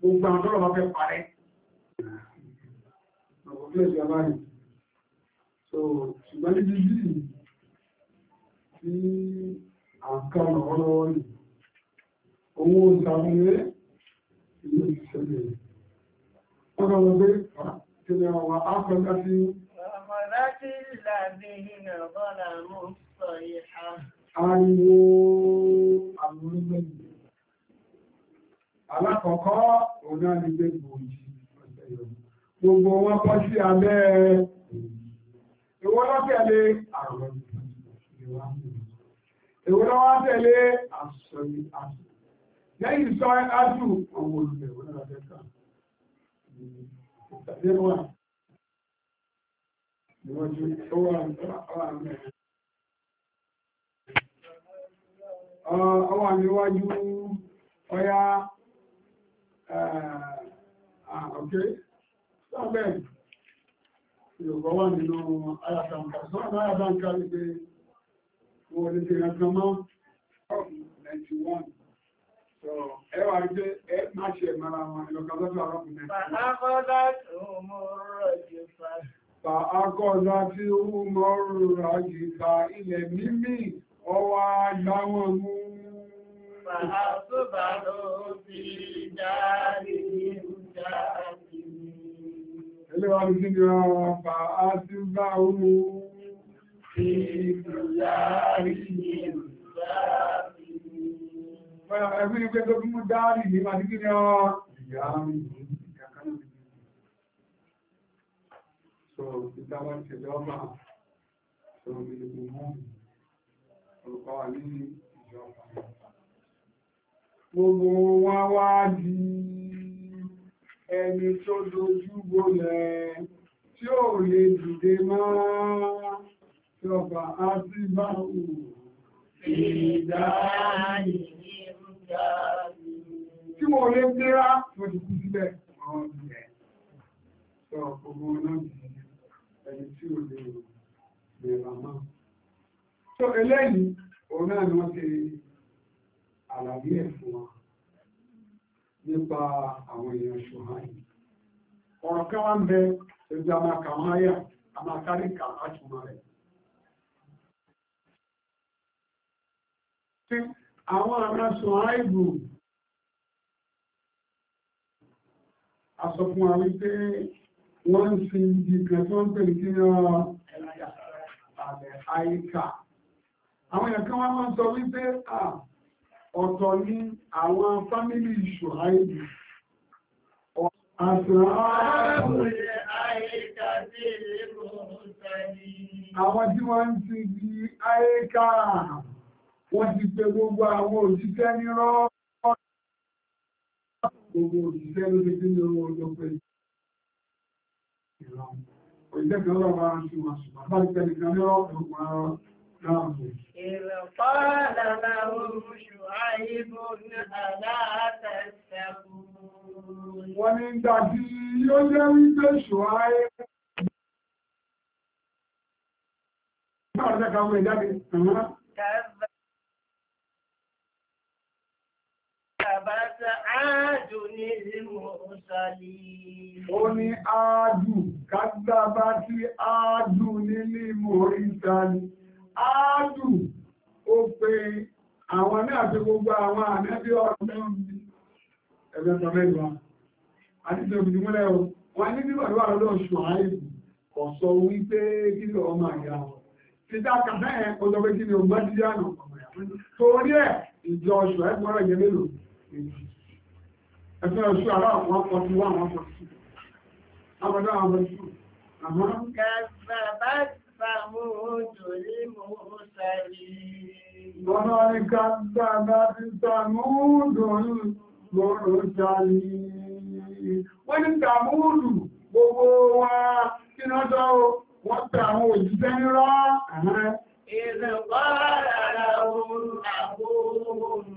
gbogbo àwọn tọ́lọ̀ bá fẹ́ parẹ́ ọ̀pọ̀ bí ẹ̀sẹ̀ bá yìí so ṣùgbọ́n níbi yìí tí à ń ká lọ́wọ́lọ́wọ́ yìí owó ìsàmúlé ìlú ìṣẹ̀lẹ̀ ọ̀dọ̀ wọn pé tẹ̀lé ah, àwọn afẹ́ láti أخذت الذين ظلموا الصيحة Ariwo àwọn olóògbé. Alákọ̀ọ́kọ́ òun náà ni gbé gbòòjì ọ̀sẹ̀ yọ̀. Gbogbo wọn kọ́ sí abẹ́ ìwọ́n lọ́tẹ̀lé àrùn ìwọ́n lọ́tẹ̀lé àṣọyí àṣọ. Ọwà níwájú ọya ọ̀kẹ́ sábẹ̀ Yorùbá wà nínú ayàtàǹkà. Sọ́nà ayàtàǹkà lè pé wọ́n lè ṣe ẹ̀kan mọ́ 91. Ẹwà rí pé ẹ máa ṣe mara wọn ìlọ̀kan lọ́dún àrọ́kùnrin. Bàbá kọ́ fàákọ̀ọ́dá tí ó mọ́rù àjìká ilẹ̀ mímí ọwá dáwọn mú. Ẹlẹ́wà ní kí ni ọwọ́ fà á ti bá ohun Ẹgbẹ́ ìgbẹ́ tó kí mú dáàrí ní màdíkí ni ọ ìyá mi. so títà wọ́n ti jọba so ìlú mú olùkọ́ wà ní ìjọba gbogbo wọn wá di ẹni tó dojú bolẹ̀ tí ó lè dìde mọ́ tí ọba á sí bá wù tí mo lè gbéra mo ti kú ọ̀rọ̀ ìyẹn sọ gbogbo náà ẹni tí ò lè bẹ̀rẹ̀ àmọ́. tó eléyìí òun náà ni wọ́n ti àlàyé ẹ̀ fún wa nípa àwọn èèyàn ṣùgbọ́n ọ̀rọ̀ kan wá ń bẹ ẹjọ́ amáka máyà amákàríkà àtúmọ̀ rẹ̀. àwọn àmàṣọ àìbù àsọkùn àwọn pé wọ́n fi ìgbẹ̀ tó ń pèrè kí wọ́n àlẹ̀ àìkà. Àwọn èèyàn kan wá máa ń sọ wípé à ọ̀tọ̀ ní àwọn fámílì ìṣò àìdì. Àṣà àwọn tí wọ́n ti di àìkà wọ́n ti pe gbogbo àwọn òṣìṣẹ́ nírọ́ gbogbo òṣìṣẹ́ ló ti dín ní owó ọjọ́ pẹ̀lú. Òṣìṣẹ́ kan lọ́wọ́ máa ń ṣe wọn ṣùgbọ́n bá ti tẹ́lì kan ní ọ̀pọ̀ ọ̀pọ̀ láàbò. Ìrọ̀pọ̀lá máa ń ṣù كذبت عاد المرسلين أني عاد كذبت عاد المرسلين عاد أوبي àwọn ní àti gbogbo àwọn ànẹ́bí ọ̀rọ̀ ẹgbẹ́ sọ mẹ́lúwà àti tí òbìnrin múlẹ̀ o wọ́n ní bí pàdé wà lọ́dọ̀ ṣùgbọ́n àìbù kò sọ wípé kí lọ ọmọ àyà wọn ti dá ìjọ ṣùgbọ́n ẹ̀kọ́ ọ̀rọ̀ ìyẹn mélòó ẹgbẹ́ oṣù aláwọ̀ wọn kọ sí wọn wọn kọ sí abọ́dá àwọn ti fàmú òjòlé mọ́ wọ́n ní tàmúùdù gbogbo wa kí náà sọ wọ́n tẹ àwọn òjíṣẹ́ ńlá. ìrìnkọ́ àrà òun àbúrò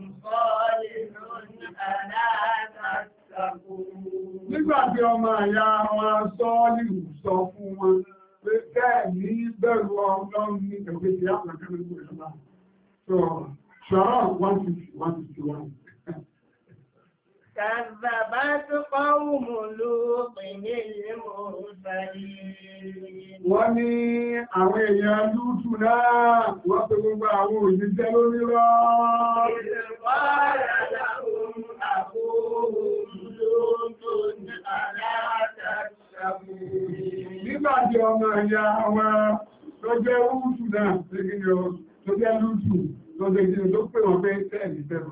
Nígbàtí ọmọ àyà wọn sọ nílùú sọ fún wọn pé kẹ́ẹ̀ní bẹ̀rù ọlọ́run ní ẹgbẹ́ ìyá àpàkẹ́ lórí ìjọba. So, Sharon 151. كذبت قوم لوط للمرسلين wọ́n ní àwọn èèyàn lútù náà wọ́n pè gbogbo àwọn òṣìṣẹ́ lórí rọ́. ìrìnwá yàrá òun àbóhùn lóòótọ́ ní aláàtàkùn. nígbà tí ọmọ ìyá wa ló jẹ́ lútù náà ló jẹ́ lútù ló jẹ́ lútù ló pè wọ́n pé tẹ́ẹ̀lì bẹ̀rù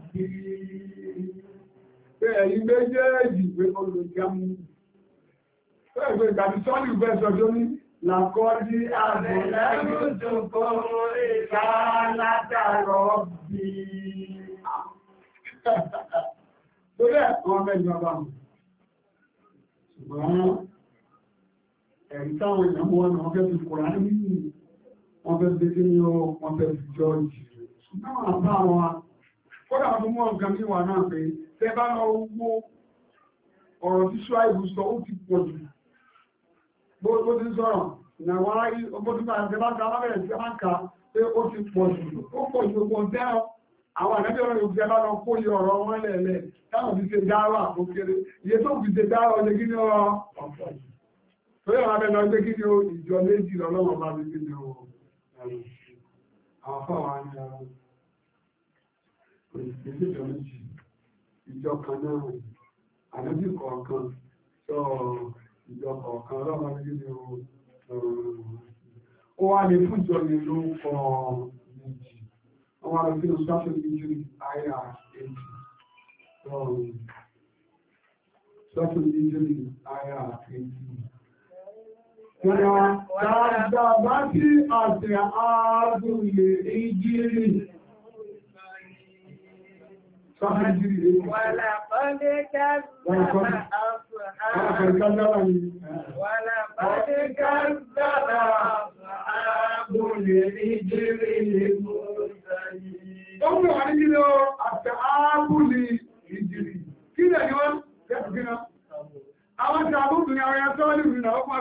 ẹ̀yìn méjèèjì pé olùjẹun fẹ́ẹ̀fẹ́ ìgbàtí sọ́ọ̀lì fẹ́ sọ tó ní làkọ́dí àbẹ̀lẹ́rùsùkọ́ ìgbà látàrọ̀ bí i. Torí ẹ̀kọ́ mẹ́jọ bá mú. Ṣùgbọ́n ẹ̀rí táwọn ìyàmú wọn wọ́n fẹ́ fi kòrá ní wọ́n fẹ́ fi kí ní ó wọ́n fẹ́ fi jọ́ọ̀jì. Ṣùgbọ́n àwọn àbá wọn, kódà tó mú ọ̀gá míwà náà pé tẹ́bá lọ gbogbo ọ̀rọ̀ tí ṣọ́ ìbù sọ ó ti pọ̀ jù gbogbo ti sọ̀rọ̀ ìyàwó aráyí ọgbọ́dúnbà tẹ́bá ká alábẹ̀rẹ̀ tẹ́bá ká pé ó ti pọ̀ jù ó pọ̀ jù gbogbo tẹ́rọ àwọn ànábì ọ̀rọ̀ yóò tẹ́bá lọ kó yọ ọ̀rọ̀ wọn lẹ̀lẹ̀ táwọn fi ṣe dáwà tó méjì ìjọ kan náà ànábì kọ̀ọ̀kan sọ ìjọ kọ̀ọ̀kan ọlọ́mọ ní ó wá lè fún ìjọ ní ló ń kọ méjì wọ́n wá lọ sínú sáfẹ́ méjì àyà èjì sáfẹ́ méjì àyà èjì. Ìrìn àjò àbá sí àti àádùn lè ń ولقد كذب أصحاب الحجر المرسلين. أمي عليك أصحاب الحجر كده يا جماعة كده àwọn tí a bó tún ní àwọn ẹ̀yà tọ́lù ìrìnà ọkùn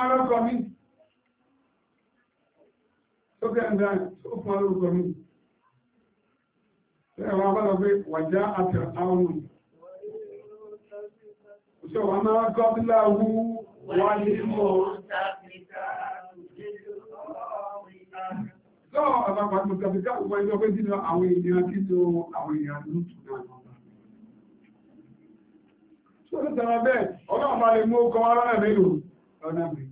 alọ́kọ̀ mi tó kẹ́ǹdà tó fún alórúkọ mi ẹwà bọ́lọ̀ pé wàjá àti àwọn òṣèwà máa gọ́bílá wú wà ní mọ́ lọ́wọ́ àpapàtàkì tàbíká ọgbọ́n ẹjọ́ pé nínú àwọn èèyàn tí tó àwọn èèyàn lútù náà tó tẹ́lẹ̀ bẹ́ẹ̀ ọlọ́ọ̀bá lè mú ọkọ̀ ọlọ́rẹ̀ mélòó ọ̀nà mẹ́rin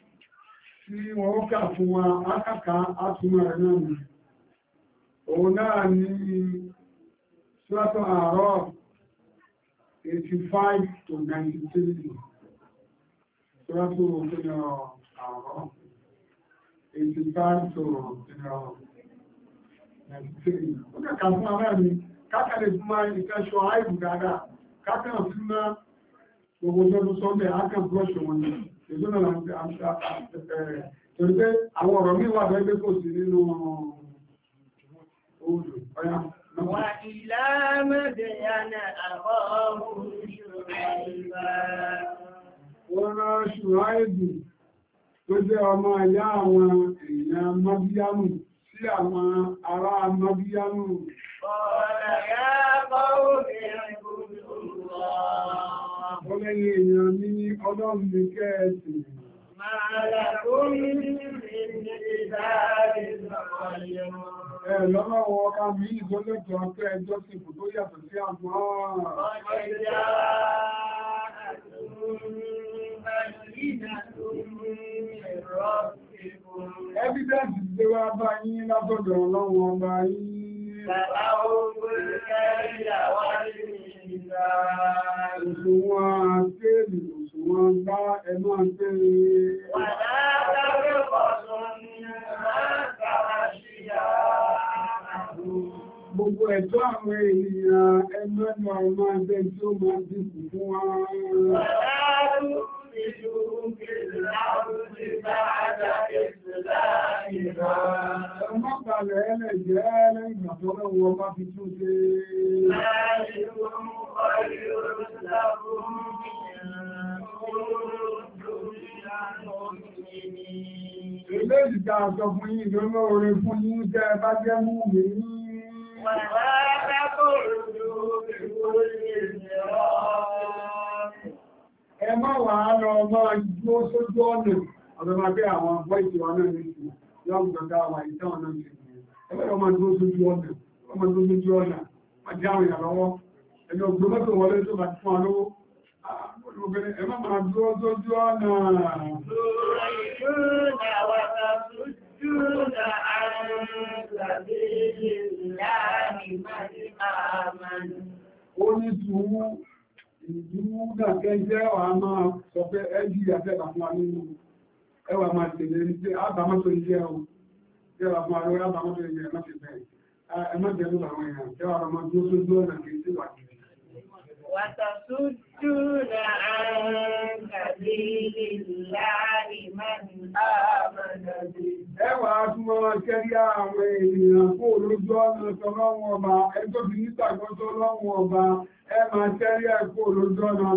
tí wọ́n kà fún wa ákàkà átúmọ̀ náà nù. Òun náà ní Sọ́tọ̀ àárọ̀ 85 to 93. Sọ́tọ̀ 85 93. fún wa mẹ́rin, kákàlẹ̀ fún wa ìfẹ́ṣọ́ àìbù dáadáa, kákàlẹ̀ ìdúnà láti àṣà àtẹ̀fẹ̀rẹ̀ torí pé àwọn ọ̀rọ̀ mi wà bẹ́ẹ̀ kò sí nínú odò ọ̀yá. Wà ìlà mẹ́bẹ̀yàn àwọn ọmọ ṣùgbọ́n tó jẹ́ ọmọ ìyá àwọn èèyàn mọ́bíyánù sí àwọn ará mọ́bíyánù. Ọ̀rọ̀ ẹ̀yà bọ́ òbìnrin lẹ́yìn èèyàn ní ọlọ́run ní kẹ́ẹ̀sì. Ẹ̀lọ́wọ́ ọkà mi ìgbólójọ ọ̀pẹ́ ẹjọ́ sí ìbò tó yàtọ̀ Evidence gbé wá bá yín látọ̀dọ̀ ọlọ́run ọba yín. Bàbá ogun Òṣùwọ̀n fèèrè, òṣùwọ̀n bá ẹmọ́ fèèrè. Wà látàrí ọ̀sán ni látàrí ṣíyà. Gbogbo ẹ̀tọ́ àwọn èèyàn ẹgbẹ́ ni ọmọ ẹgbẹ́ tí ó máa dìkù fún wa. Wà látàrí oore fún ní jẹ́ bá jẹ́ mú mi ní. Ẹ má wà á lọ máa dúró sójú ọ̀nà ọ̀bẹ̀mà pé àwọn àbọ̀ ìtìwà náà ní ìsìn yọ́n gbọ̀dá wà ìtàn náà ní ìsìn. Ẹ bẹ́ẹ̀ ọmọ dúró ọ̀nà, ọmọ dúró sójú ọ̀nà, má jẹ́ àwọn ìyàlọ́wọ́. Ẹni ògbó mọ́tò wọlé tó bá fún wa lówó. Ah, Ẹ má máa dúró ọ̀nà. Dúró ìlú náà يصدون عن سبيل من آمن oníṣòwò ìdúró gàgẹ́ máa sọ pé ẹ́jì àtẹ́bà fún wa ẹwà máa tèlé ní pé àbámọ́tò jẹ́wà fún àbámọ́tò يصدون عن سبيل الله من آمن به Ẹwà súnmọ́ kẹ́rí àwọn ènìyàn kó lójú ọ̀nà tọ́lọ́wọ́ ọba, ẹ tó fi nítàgbọ́ tọ́lọ́wọ́ ọba, ẹ máa kẹ́rí ẹ kó ọ̀nà tọ́lọ́wọ́. Ẹ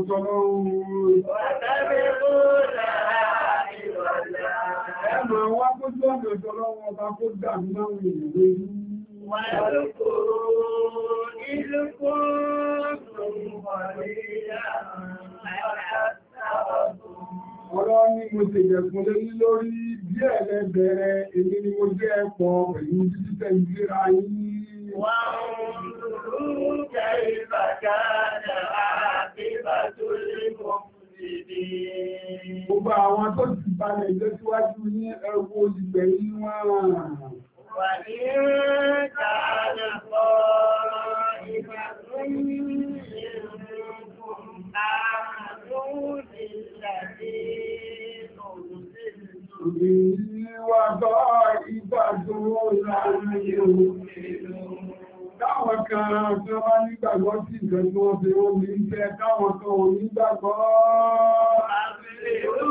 máa wá tọ́lọ́wọ́ ọba kó dà واذكروا إذ كنتم قليلا Ọlọ́run ni mo ti jẹ̀kún lé ní lórí bí ẹ̀lẹ́ bẹ̀rẹ̀ èmi ni mo jẹ́ ẹ̀pọ̀ pẹ̀lú títẹ̀ ìlera yìí. Wọ́n ń rú jẹ́ ìbàjá náà àti ìbàjú lé mọ́. Gbogbo àwọn tó ti balẹ̀ وإن كان طائفة منكم آمنوا بالذي أرسلت به وطائفة لم يؤمنوا Táwọn kan tí wọ́n bá nígbàgbọ́ sí ìjọ tí wọ́n fi ó ní jẹ́ táwọn kan ò nígbàgbọ́. Àbìlẹ̀ ó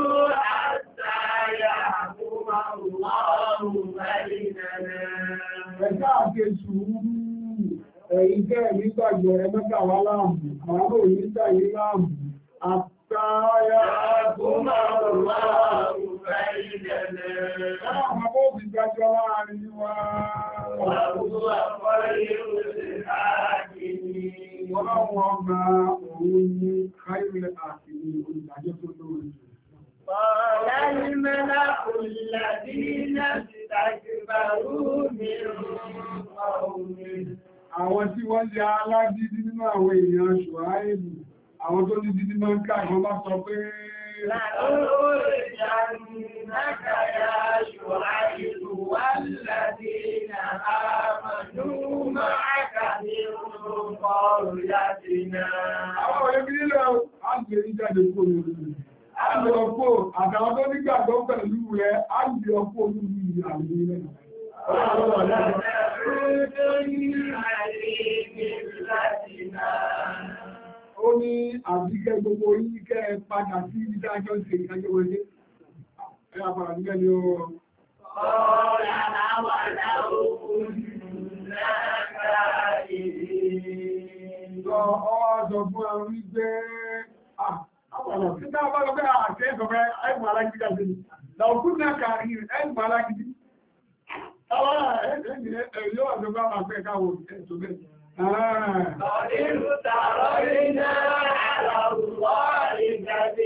àtàyà àkómà òun. Ẹ̀ká àti sùúrù ẹ̀yìn jẹ́ nígbàgbọ́ ẹgbẹ́ta wá láàmù, àwọn òyìnbá yìí láàmù, àtàrà tó máa rọ̀ láàmù fẹ́ ìdẹ̀lẹ̀. Láàmù àbọ́ òbí gbájọ́ láàrin قال الملأ الذين استكبروا من قومه Àwọn tí wọ́n jẹ́ aládídí nínú àwọn èèyàn ṣùháìlú, àwọn tó dídí ní máa ń ká àwọn bá sọ pé Làlóòrè ìjànú nákàyà ṣùháìlú wà láti náà àmàlú máa kàdé orúkọ orí Àwọn àjọpọ̀ àtàwọn tó nígbàgbọ́ pẹ̀lú rẹ̀ àjọpọ̀ nínú ìyàwó rẹ̀. Ó ní àbíkẹ́ gbogbo yìí padà sí ìdájọ́ ìṣe ìdájọ́ wọlé. Ẹ nígbẹ́ ni ó rọ. ọ́ Títà bá lọ pé àṣẹ a ẹgbùn àti ìdàkùn náà kàrí ẹgbùn alágídí. Àwọn ẹgbẹ̀rẹ̀ yóò wà tó bá máa pẹ́ káwọ̀ ẹ̀tọ́ bẹ́ẹ̀. Ọdínú tààrọ iná àlàrùwọ́ ìgbàdì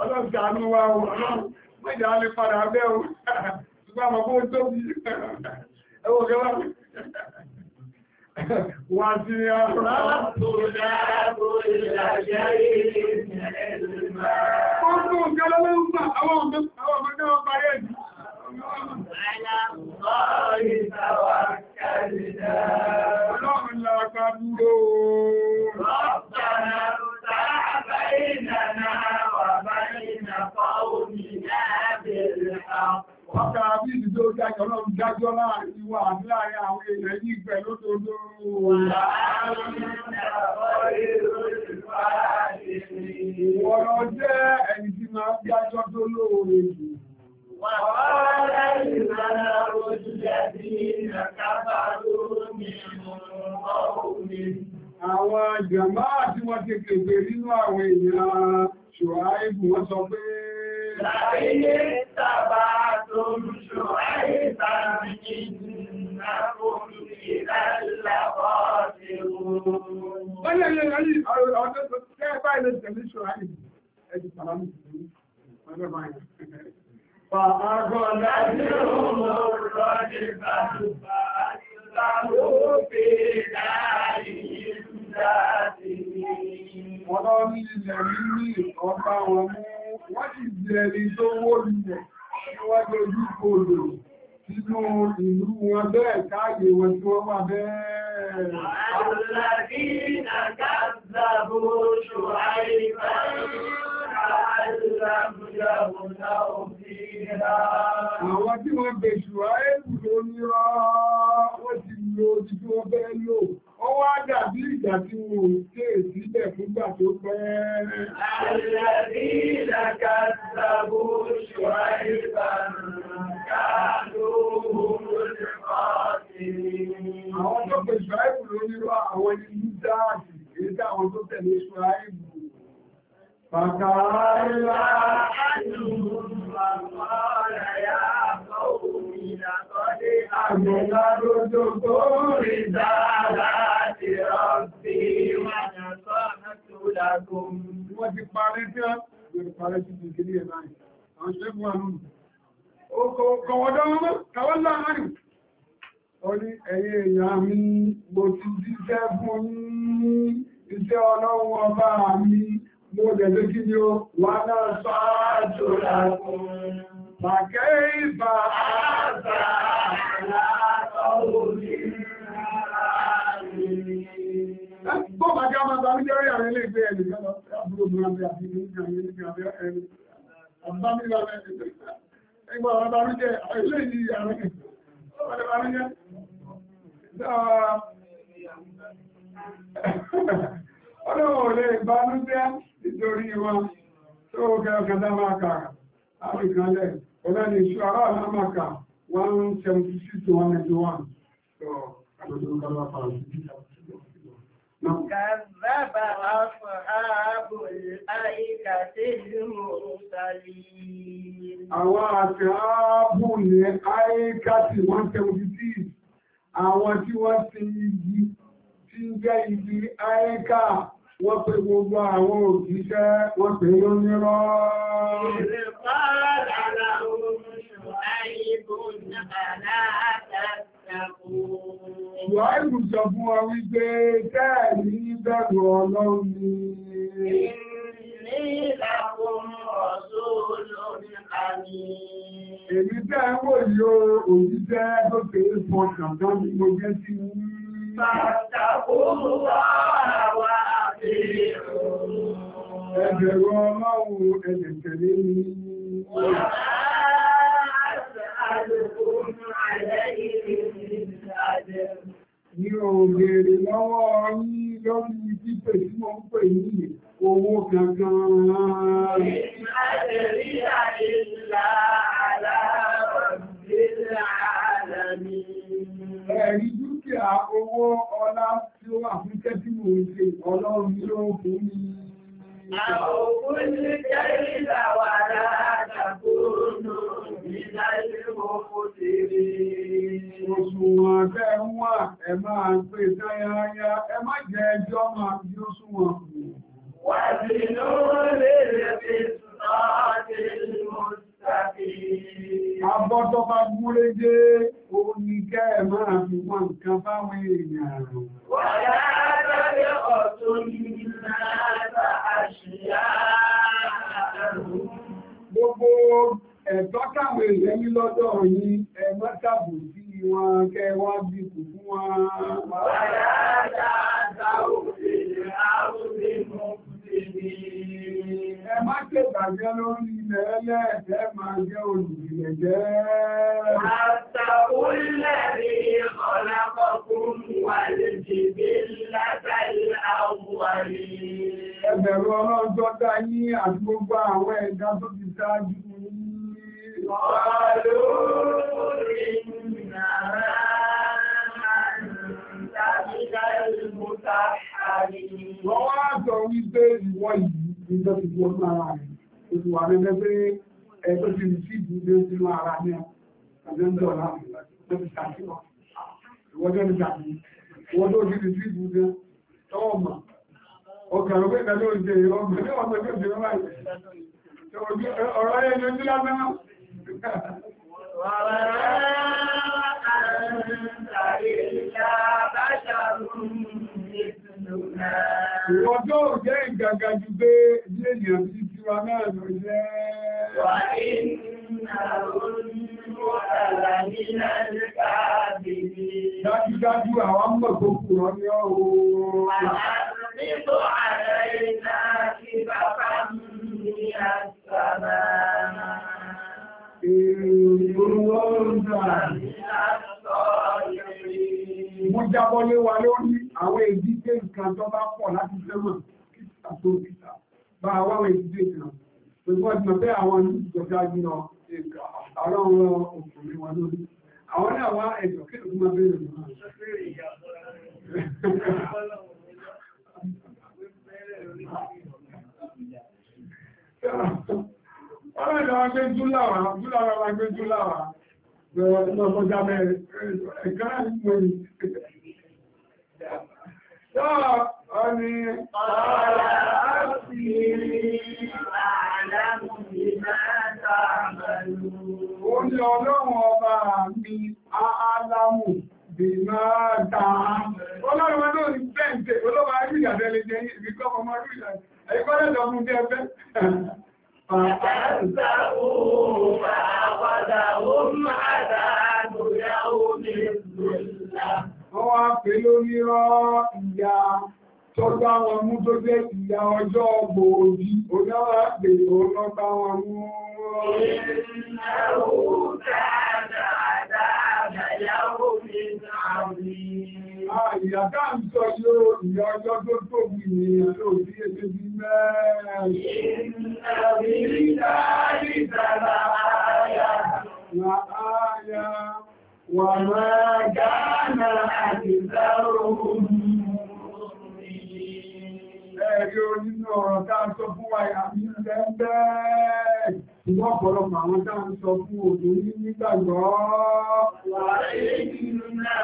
ọlọ́pàá àánú wa ọlọ́pàá mẹ́jà lè padà bẹ́ o ṣùgbọ́n àmọ́ bó tó bí ẹwọ kẹwà wà sí ọ̀rọ̀ Gbogbo nǹkan lọ́wọ́ ń gbà àwọn ọ̀gbẹ́ Ọlọ́run ilẹ̀ ní ọba wọn mú wọ́n ti jẹ́ ẹni tó wó ilẹ̀ níwájú ojú kòòdò nínú ìlú wọn bẹ́ẹ̀ káàkiri wọn tí wọ́n wà bẹ́ẹ̀. Àlàkí àkàzàbò ṣùgbà ìbáyé àlàmúyàwó náà Àwọn tí wọ́n bèṣù àẹ́bù ló ní rọ́, wọ́n ti lo ojú tí wọ́n fẹ́ lò. Ó wá dàbí ìgbà tí wọ́n ò tèè sílẹ̀ fúngbà tó pẹ́. Àlàbí ìdàkà ọ̀dọ̀ wọn mọ́ tàwọn láàárín ó ní ẹ̀yẹ èèyàn mi mo ti jíṣẹ́ fún iṣẹ́ ọlọ́run ọba mi mo dẹ̀lé kí ni ó wà náà sáájú lákùn pàkẹ́ ìbà àṣà látọ̀wò ní Bọ́ bàjá máa bá ní jẹ́rẹ́ àwọn ilé ìgbé ẹ̀lì lọ́wọ́ abúrò mìíràn bí àti ìgbé ìgbé àwọn ilé ìgbé àwọn ẹ̀lì. Àbámi lọ́wọ́ ẹ̀lì ẹgbẹ́ ọ̀rọ̀ bá rí jẹ́ ilé ìdí ààrẹ ọ̀rọ̀ bá rí jẹ́ ọlọ́wọ̀ lè bá ní jẹ́ nítorí wọn tó gẹ́ ọ̀kẹ́dá máa kà áfìkanlẹ̀ ọlọ́ni iṣu ará àlá máa kà 176 to 191 so àdọ̀dọ̀ kọlọ́pàá كذب أصحاب الأيكة المرسلين àwọn àṣàbù ní àyíká tí wọ́n tẹ̀wọ̀n sí àwọn tí wọ́n ti igi tí ń jẹ́ igi àyíká wọ́n pe gbogbo àwọn òjíṣẹ́ wọ́n pe lónírọ́
ìrẹ̀pá lára ohun
Ìwáìrù sọ fún wa wípé káàrí ní bẹ̀rù ọlọ́run ni. Ní ìlàkùn ọ̀ṣọ́ lórí àmì. Èmi tẹ́ ń wò yóò òjíṣẹ́ tó kéré fún ọkàn tó ní mo jẹ́ sí mú. Bàtàkù wà wà àbẹ̀rù. Ẹbẹ̀rù ọlọ́run ẹ̀dẹ̀kẹ̀lé ni. Wà á mi ò lọ́wọ́ yín lórí pípè tí mo pè yìí owó kankan. Ẹ̀rí dúkìá owó ọlá tí ó wà fún iṣẹ́ tí mo ń ṣe ọlọ́run ní fún mi. Àwọn òkúrú ní kẹ́rì ìlàwàrá àtàkùn òun ní láìsí òkú tèrè òṣùwọ̀n tẹ́ ń wà ẹ máa gbé sáyáyá ẹ má jẹ ẹjọ́ máa bí ó súnwọ̀n kù. wà sí lórí ẹ̀fẹ́ sùnàdé mọ́sàkì. abọ́ tó bá gúnrégé òun ni kẹ́ ẹ máa fi wọ nǹkan yìí náà bá àṣìyá gbogbo ẹ̀tọ́ táwọn èèyàn ní lọ́dọ̀ yín wọn kẹ́ wá dìkù fún wọn. Wàyá dáadáa òfin àrùbí mú síbi. Ẹ má ṣe bàjẹ́ lórí ilẹ̀ ẹlẹ́ẹ̀dẹ́ máa jẹ́ olùdílẹ̀ jẹ́. Àtàwùlẹ̀ ni ọ̀làkọ̀kún wà lè jìbí látàrí àwùwárí. Ẹbẹ̀rù ọlọ́jọ́ dá yín àti gbogbo àwọn ẹ̀dá tó ti ṣáájú yín. Ọlọ́run Wọ́n wá jọ wípé ìwọ yìí ní tó ti wọ́n lára rẹ̀. Olùwà rẹ̀ lẹ́gbẹ́ ẹgbẹ́ ti rí sí ìdílé sínú ara ní ọjọ́ ń dọ̀lá tó ti ṣàfihàn. Ìwọ́jọ́ ni tàbí. Ìwọ́n tó ti rí sí ìdílé tọ́wọ́ mọ̀. Ọkàn rẹ̀ pé ìdájọ́ ìṣe ọmọ ní ọmọ tó ti rọ́bà yìí. Ọ̀rọ̀ yẹn ni ojú lábẹ́ náà. Ìwọ́jọ́ ò jẹ́ ìgbàgbà ju pé ilé ènìyàn sí ti wa náà ló jẹ́. Wà ní àrùn-ún-wọ́tàlà ní Nàìjíríà bèèrè. Dájúdájú àwọn mọ̀ tó kùrọ̀ ní ọ̀rọ̀. Àjá sọ pé àwọn ìjọba gbìnà àwọn ọmọ òkùnrin wọn lórí àwọn náà wá ẹ̀jọ̀ kí lóògùn máa bẹ̀rẹ̀ mọ́ Ọ̀rọ̀ ìjọba gbé Júláwà, Júláwà wá gbé Júláwà, lọ fọjá mẹ́rin, ẹ̀kọ́ ìgbòrò. Yọ́ ọ ni, ọ̀rọ̀ àti ìrìn. Ó ní ọlọ́run ọba mi alámù bí máa ta. Ọlọ́run wọn ló bẹ́ǹtẹ̀ olóba rí ìyàbẹ̀ lè jẹ ìbí kọ́kọ́ mọ́ ẹgbẹ́ tó gbá wọn mú tó jẹ́ ìyá ọjọ́ gbòòdì onáwà pé òun lọ bá wọn mú Ìyá ká ń sọ yóò ìyá gánà àti dáróhùn ẹ̀rí onínú ọ̀rọ̀ táà sọ fún wa àmì ẹgbẹ́ ìwọ́ ọ̀pọ̀lọpọ̀ àwọn táà sọ fún òdò ní nígbàgbọ́. Wà ìrìnà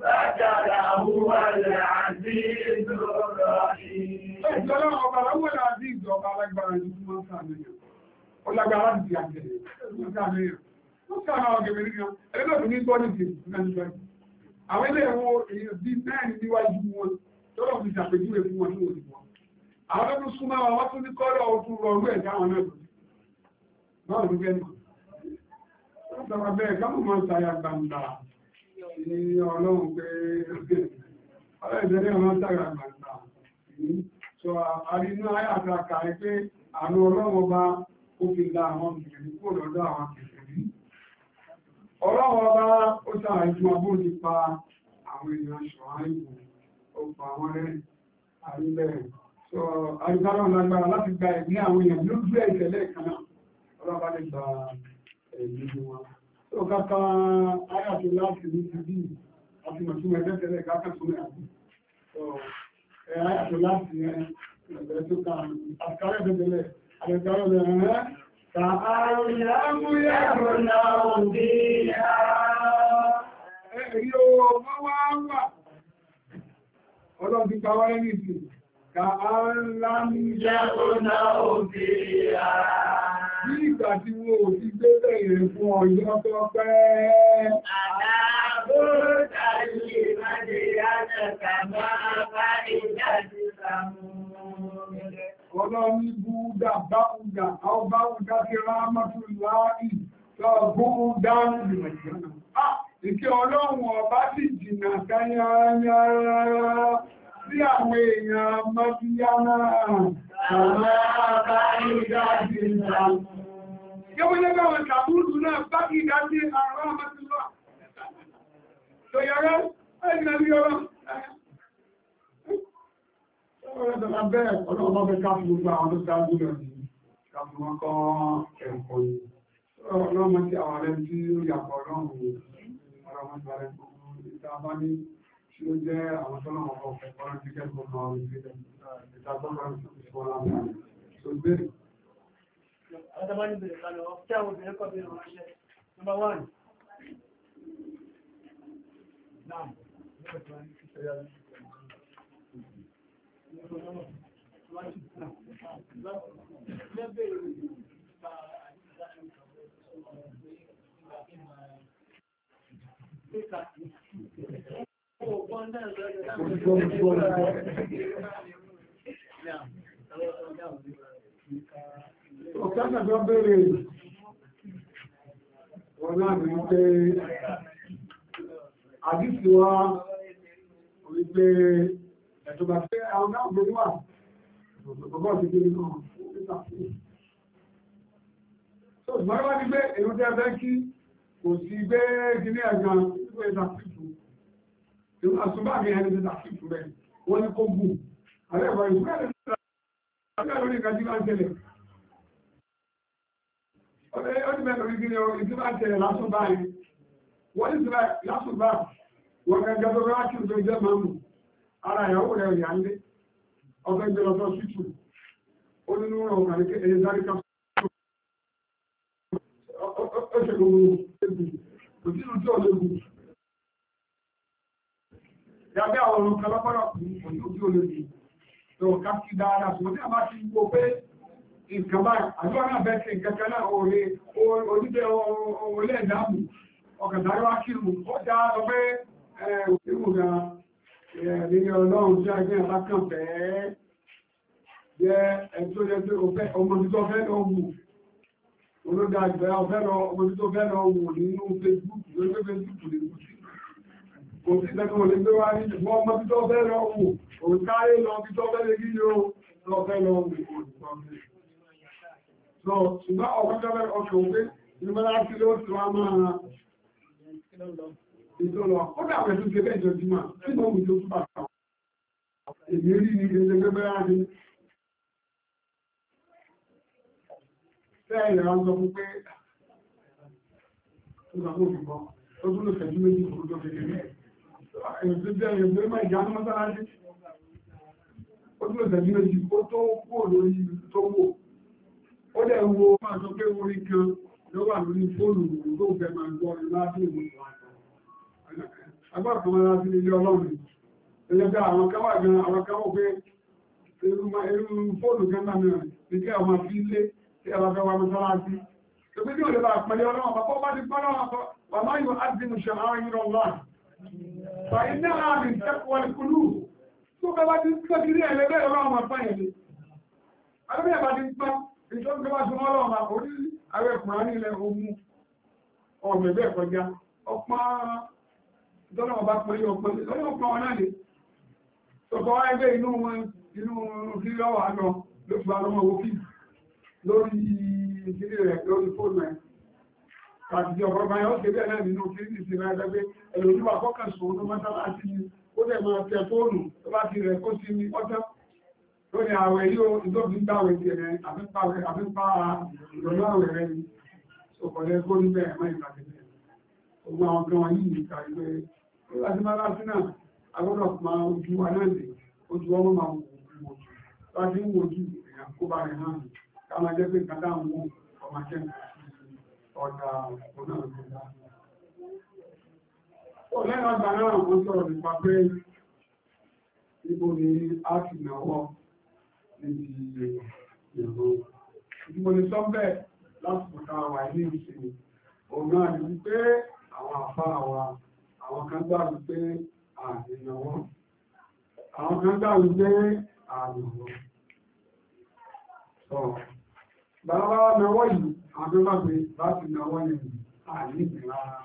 bàjàdà àbúwà rẹ̀ àti ìdọ̀rọ̀ ìrìn. Ìjọba ọba lọ́wọ́ láti ìjọba alágbára ní fún wọn sàmìyàn. àwọn ilé ẹ̀wọ̀n èèyàn bíi mẹ́rin níwájú wọn tọ́lọ̀ fi ṣàpèjúwe fún wọn ní òdìbò àwọn tó tún súnmọ́ wọ́n tún ní kọ́rọ̀ ọdún rọrú ẹ̀ dáwọn náà ló gẹ́nu wọ́n tọrọ bẹ́ẹ̀ káwọn máa sáyà gbangba ní ọlọ́run pé ọlọ́run pé ọlọ́run ọlọ́run àríkálọ̀ lágbára láti gba ẹ̀mí àwọn èèyàn lójú ẹ̀tẹ̀lẹ̀ kanáà ọlọ́pàá lè gba ẹ̀mí wọn tó káka ayàtò láti ní ti bí àti mọ̀túnmọ̀ ẹ̀tẹ̀lẹ̀ kákàtúnmọ̀ ayàtò láti ẹ̀bẹ̀rẹ̀ tó ká àkàrẹ̀ ẹ̀tẹ̀lẹ̀ àríkálọ̀ lẹ́rẹ̀ Tààrùn ìyàmúyàmù náà ò dí ààrẹ. Èyí ò mọ́ wá wà. Ọlọ́run ti pa wáyé ní ìsìn. Kàán lámú jẹ́ ọ̀nà òbí rà. Ní ìgbà tí wo ò ti gbé bẹ̀rẹ̀ fún ọjọ́ tó pẹ́. Àdàbò tàbí ìmáde yánàkà máa bá ìjáde sàmú. Ọlọ́run búdà báúdà, àwọn báúdà ti rámọ́tò láàrí lọ búdà ń rìn ìjọ́nà. Ah! Ìkẹ́ ọlọ́run ọba sì jìnnà káyáyá sí àwọn èèyàn mọ́bíyánà àwọn àbá ìdájí náà. Yẹ́wọ́n lẹ́gbẹ́ wọn tàbúrú náà bá kí ìdájí àrọ́ àmọ́sílọ́. Tòyọ̀rọ̀, ẹgbẹ̀rẹ̀ bí ọ̀rọ̀. Ọ̀rọ̀ ẹ̀dọ̀ lábẹ́ ọ̀dọ̀ ọmọ bẹ káàkiri gbogbo àwọn tó dájú rẹ̀ ní káàkiri wọn kọ́ ẹ̀kọ́ yìí. Ọlọ́mọ tí àwọn ẹ̀rẹ́ tí ó yàpọ̀ ọlọ́run tí ó jẹ́ àwọn tọ́nà ọkọ̀ ọ̀pọ̀lọpọ̀ ti kẹ́kọ̀ọ́ náà rí sí ìtàgbọ́nà ìṣọ́lá náà. So, bẹ́ẹ̀. Adamani bẹ̀rẹ̀ kalọ̀, ọ̀pẹ́ àwọn obìnrin kọ̀ bí ìrànṣẹ́. Number one. Now, Thank you. Ọ̀kánà tó bèèrè wọn náà rí pé àdísì wá orí pé ẹ̀tọ́gbà pé àwọn náà gbogbo wà ọ̀gbọ̀gbọ̀ ti gbé náà tó ìgbọ́nà wá ní pé èrò tẹ́ fẹ́ kí kò sí gbé gíní ẹ̀gbọ́n ìgbé ìsàkìtù àṣùbá mi ẹni títà sí ìfúnbẹ̀ wọ́n ní kó gùn àrẹ́bọ̀ ìfúnbẹ̀ lórí ìkájú bá ń tẹ̀lẹ̀ ọdún mẹ́rin orí gíní ọ̀rọ̀ ìtúbà tẹ̀lẹ̀ lásùbá yìí wọ́n ní tìbà lásùbá wọ́n gẹ́gẹ́ tó bá kí ìfẹ́ jẹ́ máa mú ara ìyàwó rẹ̀ rí àndé ọgbẹ́ jẹ́ lọ́tọ́ sítù ó nínú ọ̀rọ̀ kàríkẹ́ ẹ̀yẹ dáríkà ó ṣe gbogbo ẹgbù kò sínú tí ọ̀lẹ́gbù ìdàbí àwọn ohun kan lọ́pọ̀lọpọ̀ òní ojú olóbi tó ká sí dáadáa ṣùgbọ́n tí a bá ti wo pé nǹkan báyìí àdúrà náà bẹ́ẹ̀ sí nǹkan kan náà òòlè oníjẹ òòlè ìdáàbò ọkàn sáré wá kírù ó já lọ pé ìwù ga nílé ọlọ́run tí a gbé ẹ̀bá kan fẹ́ẹ́ jẹ́ ẹni tó jẹ́ pé ọmọ tí tó fẹ́ lọ wù olódàjọ́ ọmọ tí tó fẹ́ lọ wù nínú Facebook lórí Facebook lè kú sí kò sí lẹ́kọ̀ọ́ lè gbé wá ní ṣùgbọ́n ọmọ tí tó fẹ́ lọ wò òun káyé lọ bí tó fẹ́ lè kí yóò lọ fẹ́ lọ wò lọ ṣùgbọ́n ọkọ̀ tó fẹ́ ọkọ̀ òwe ní mẹ́lá sí ló ti wá máa ìtọ́lọ ó dà pẹ̀lú ṣe bẹ́ẹ̀ jọjú mà tí mo wù tó túbà èyí rí ní ẹgbẹ́ gbẹ́gbẹ́ láti tẹ́ ìrà ń sọ fún pé ó sọ fún òfin kan ó tún lè fẹ̀jú méjì kúrú tó fi kéré Ó dẹ̀ wo máa sọ pé orí kan ló wà lórí fóònù tó fẹ́ máa gbọ́ láti ìwọ̀n. Agbára kan láti ilé ọlọ́run. Ẹlẹ́gbẹ́ àwọn káwà gan àwọn káwà pé irú fóònù kan náà mìíràn ní kí àwọn fi lé tí a bá fẹ́ wà mọ́sálásí. Ṣogbé tí ò lè bá pẹ̀lẹ́ ọlọ́run, bàbá bá ti pẹ́lẹ́ ọlọ́run, bàbá yóò fàyínà àmì ìtẹ́kọ̀ọ́lùkúlù tó bẹ́bá ti ń pẹ́ kiri ẹ̀lẹ́gbẹ́ ọlọ́run àpá yẹn ni alẹ́bẹ̀ẹ́ bá ti ń pẹ́ ìjọba bá ti mọ́ ọlọ́run àpò ní ààrẹ kùnrin ilẹ̀ omu ọmọ ẹ̀bẹ́ kọjá ọpọ́n dọ́lọ́wọ́ bá pẹ́ yọ pẹ́ lọ́wọ́ pọ́n wọn náà lè sọ̀tọ̀ wá ẹgbẹ́ inú wọn inú rí lọ́wọ́ àlọ́ ló fi wá lọ́wọ́ wọ́pì lórí ìdílé rẹ̀ lórí fóònù ẹ̀ àti ọ̀pọ̀ báyọ̀ ó kébẹ̀ náà nínú kí ní sinmi ẹgbẹ́ ẹlòmíwà kọ́kàn sòwò tó mọ́tà láti ní ó dẹ̀ máa tẹ fóònù tó bá ti rẹ̀ kó sí ní ọjọ́ tó ní àwẹ̀ yóò ìdóbi ń gbàwẹ̀ tiẹ̀ rẹ̀ àfi pa ìrọ̀lọ́ àwẹ̀ rẹ̀ ni òkọ̀lẹ́ kó ní bẹ́ẹ̀ má ìgbà tẹ̀lẹ̀ ogun àwọn kan wọ̀nyí ní ìta ìgbẹ́ láti máa láti náà agbọ́dọ̀ máa ojú wa náà lè ojú ọmọ máa wò wò láti ń wojú ìrìn àkóbá rẹ̀ náà ká máa jẹ́ pé kàdá àwọn ọmọ akẹ́kọ̀ọ́ ọ̀dà ọ̀nà ọ̀dà. Lẹ́yìn ọgbà náà wọ́n sọ̀rọ̀ nípa a ti náwọ́ níbi ìrọ̀. Ìgbìmọ̀ ni sọ bẹ́ẹ̀ láti pọ̀ta wà ní ìsinmi. Òun náà ni wípé àwọn àfá wa, àwọn kan gbà wípé àìnáwọ́. Àwọn kan gbà wípé àìnáwọ́. Bàbá náwọ́ yìí, àdúgbàgbé láti náwọ́ ní àìlèpẹ̀ rárá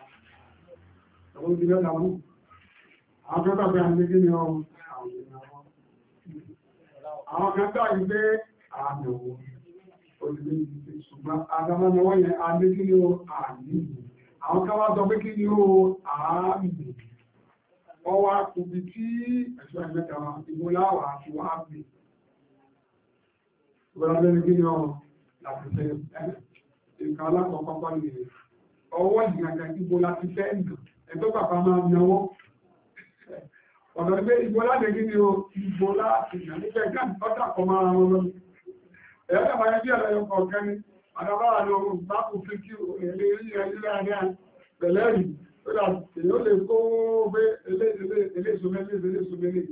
ẹ̀wọ́n ti lọ́la mú àdúgbàgbé àmìlẹ́gbẹ̀ ni ọmọ àwọn kẹta ìgbé àmìwò olùgbé ṣùgbọ́n agbámọ́wọ́ yẹn àmìlẹ́gbẹ̀ ni ó àìlèpẹ̀ àwọn káwà sọ pé kí ni ó àmìlẹ̀ ọwá kùbí tí ẹ̀ṣọ́ ìmẹ́ta ìmúláwà àti wà á bì Ìgbọ́nà lórí kí ni ọ láti ṣe ẹ̀ nǹkan alákọ̀ọ́kọ́kọ́ nìyẹn ọwọ́ ìgbàgbà ibo la ti fẹ́ nà ẹ̀tọ́ bàbá máa ń náwó ọ̀dọ̀ pé ibo láti kí ni o ibo láti nà nígbà ìgbà ọ̀tà kọ́ máa ń lọ ẹ̀yọ́ dàbà yẹn bí ọ̀dọ̀ yọkọ̀ ọ̀kẹ́ ni àdàbàrà ló bá kò fi kí ẹ̀lẹ́ rí ẹ̀lẹ́ láàrin pẹ̀lẹ́ rí ó dà èyí ó lè kó pé eléṣùmẹ́lẹ́ eléṣùmẹ́lẹ́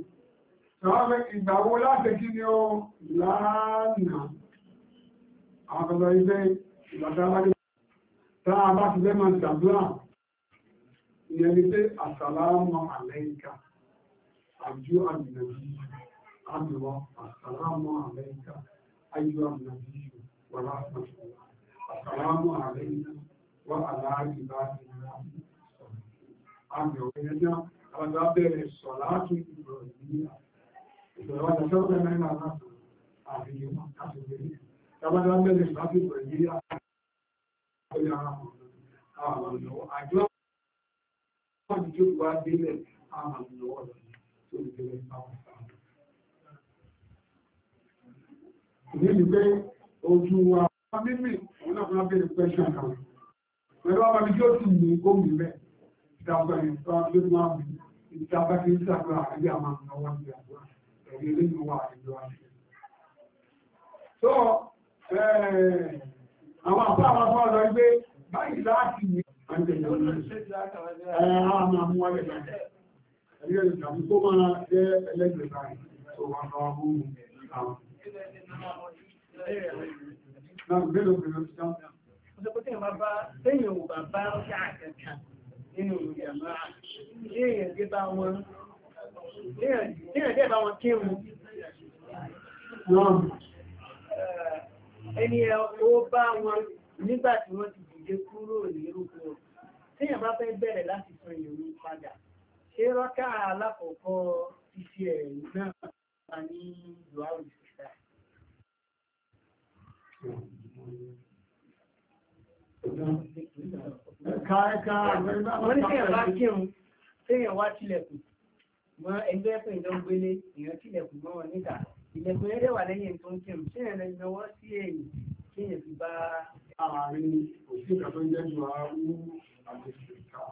sọ́wọ́n ìgbà wo láti kí ni o lánàá àwọn ọ̀dọ̀ ibẹ̀ Táa bá ti lẹ́mọ̀ ṣàdúrà, ìyẹn ni pé àsàlámù àlẹ́ìkà, àjú àmìnàbí, àmìwọ̀ àsàlámù àlẹ́ìkà, àjú àmìnàbí, wàrà àsàlámù, àsàlámù àlẹ́ìkà, wà aláàrí bá ti ráàmù sọ̀rọ̀. Àmìwọ̀ ẹ̀yẹ́já, àbájá bẹ̀rẹ̀ sọ̀ láti ìgbọ̀ ìgbìyà. Ìgbẹ̀rẹ̀ wájá sọ́rọ̀ mẹ́rin àlá àfihàn àti ìgbẹ̀rẹ̀. Tàbájá bẹ̀rẹ̀ sọ́ àkọlé ara ojú wa mímì òun fún abẹ́rẹ́ pẹ́ṣọ̀ kan. Pẹ̀lú àwọn ibi tí ó ní gómìn rẹ̀, ìdàgbà ìdàgbà tí ń So, eh, àwọn àpá àwọn afọ́ ọ̀dọ́ wípé báyìí láti ní Ọjọ́pọ̀tẹ́ ìwà bá tẹ́yìn ò bàbá ọjọ́ àkẹta nínú ìyàmá, èèyàn gẹ́ bá wọn, èèyàn gẹ́ bá wọn kí wọn ẹni ẹ ó bá wọn nígbà tí wọ́n ti dìde kúrò ní irúgbó tíyàn bá fẹ́ bẹ̀rẹ̀ láti san ìròyìn padà ṣé rọ́kà alákọ̀ọ́kọ́ iṣẹ́ ẹ̀ náà wà ní ìlúwàwò ìṣẹ̀dá. wọ́n ní tíyàn bá kírun tíyàn wá tilẹ̀kùn mọ́ ẹgbẹ́ pẹ̀lú ìdánwélé èèyàn tilẹ̀kùn mọ́ wọn níta ìlẹ̀kùn yẹn dẹ̀wà lẹ́yìn tó ń kírun ṣé ẹ̀rẹ́ ìnáwó sí èyí kí èyàn fi bá. àárín òfin kan àárú àti ìka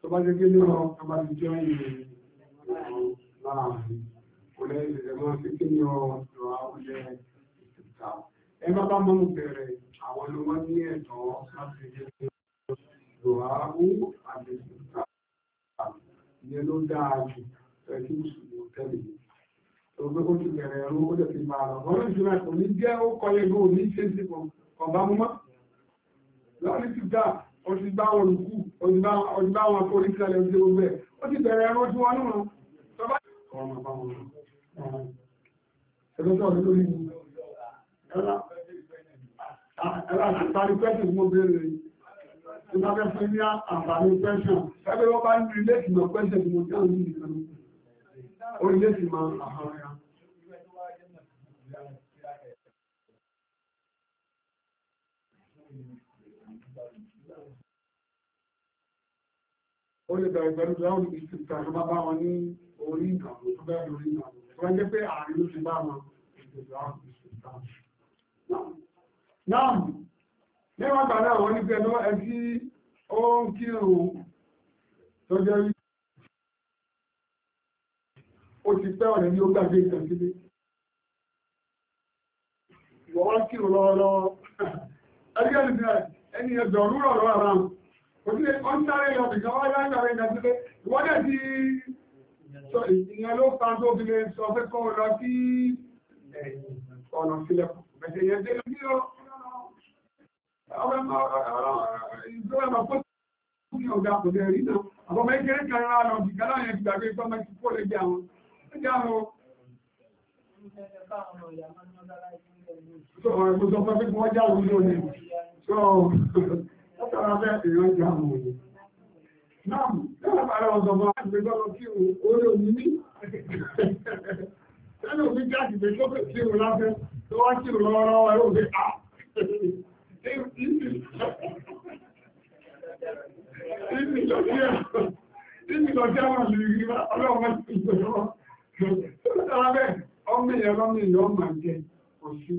tó bá jẹ́ pé ní bá ti jọ ìrìn láàárín kò lẹ́yìn ìrẹ̀mọ́ sí kí ni wọn lọ ẹ bá bá mọ́mú bẹ̀rẹ̀ àwọn ló ní ẹ̀tọ́ láti jẹ́ ìjọba kò ní jẹ́ ó kọyẹ gbọ́ ní ṣe ṣe kọ̀ọ̀bá mú mọ́ lọ́ní ti gbà ó ti bá wọn kú ó ti bá wọn kó orí sílẹ̀ ojú gbogbo ẹ̀ ó ti bẹ̀rẹ̀ ẹran tí wọ́n nù wọn tó bá ọmọ bá wọn ẹgbẹ́ tó ọdún lórí ẹ̀rọ àtàrí pẹ́sì fún obìnrin rẹ̀ tó bá fẹ́ fún ní àǹfààní pẹ́sì ẹgbẹ́ wọ́n bá ń rí lẹ́sìn mọ́ pẹ́sì fún ojú ó lè bẹ̀rẹ̀ pẹ̀lú láwọn ìsìnkà tó bá bá wọn ní orí ìdàgbò tó bẹ̀rẹ̀ orí ìdàgbò tó bá jẹ́ pé ààrin ló ti bá wọn ìgbèlú àwọn ìsìnkà náà níwọ̀n gbà náà wọ́n ní pé ẹ̀lọ́ ẹ tí ó ń kírun tó jẹ́ rí ó ti pẹ́ ọ̀rẹ́ ní ó gbàgbé ìtàn sílé wọ́n kírun lọ́wọ́lọ́wọ́ ẹgbẹ́ ẹni ẹgbẹ̀rún rọ̀ lọ́wọ́ òbílẹ̀ ọ́nàrẹ́ lọ bìkan wá lágbàrẹ́ ìdàgbé wọ́dẹ̀ tí ìyẹn ló fa tó fi lè sọ pé kọ́ lọ sí ọ̀nà sílẹ̀ bẹ̀tẹ̀ yẹn dé lórí ọ ìgbọ́nà fún kí ọ̀gá kò lè rí náà àwọn ọmọ ẹgbẹ́ kan rárá lọ bìkan láyẹn ti gbàgbé pé ọmọ ti kó lè jẹ àwọn ẹgbẹ́ àwọn
Sọ̀rọ̀ ìgbésọ̀fẹ́ fífún ọjà òun lónìí.
látara bẹ́ẹ̀ èèyàn ń jà mọ̀ òye náà lọ́wọ́ bá ara ọ̀sọ̀ bá gbé gbọ́dọ̀ kí orí òní ní sẹ́nu òní jáde pé tó fẹ́ kí o láfẹ́ tó wá kí o lọ́wọ́ lọ́wọ́ yóò fi à ah! ìmì lọ́jọ́ àwọn ìrírí ọlọ́wọ́ ti gbẹ̀rọ látara bẹ́ẹ̀ ọmọ ìyẹn lọ́mọ ìyẹn ọmọ ìjẹ òsì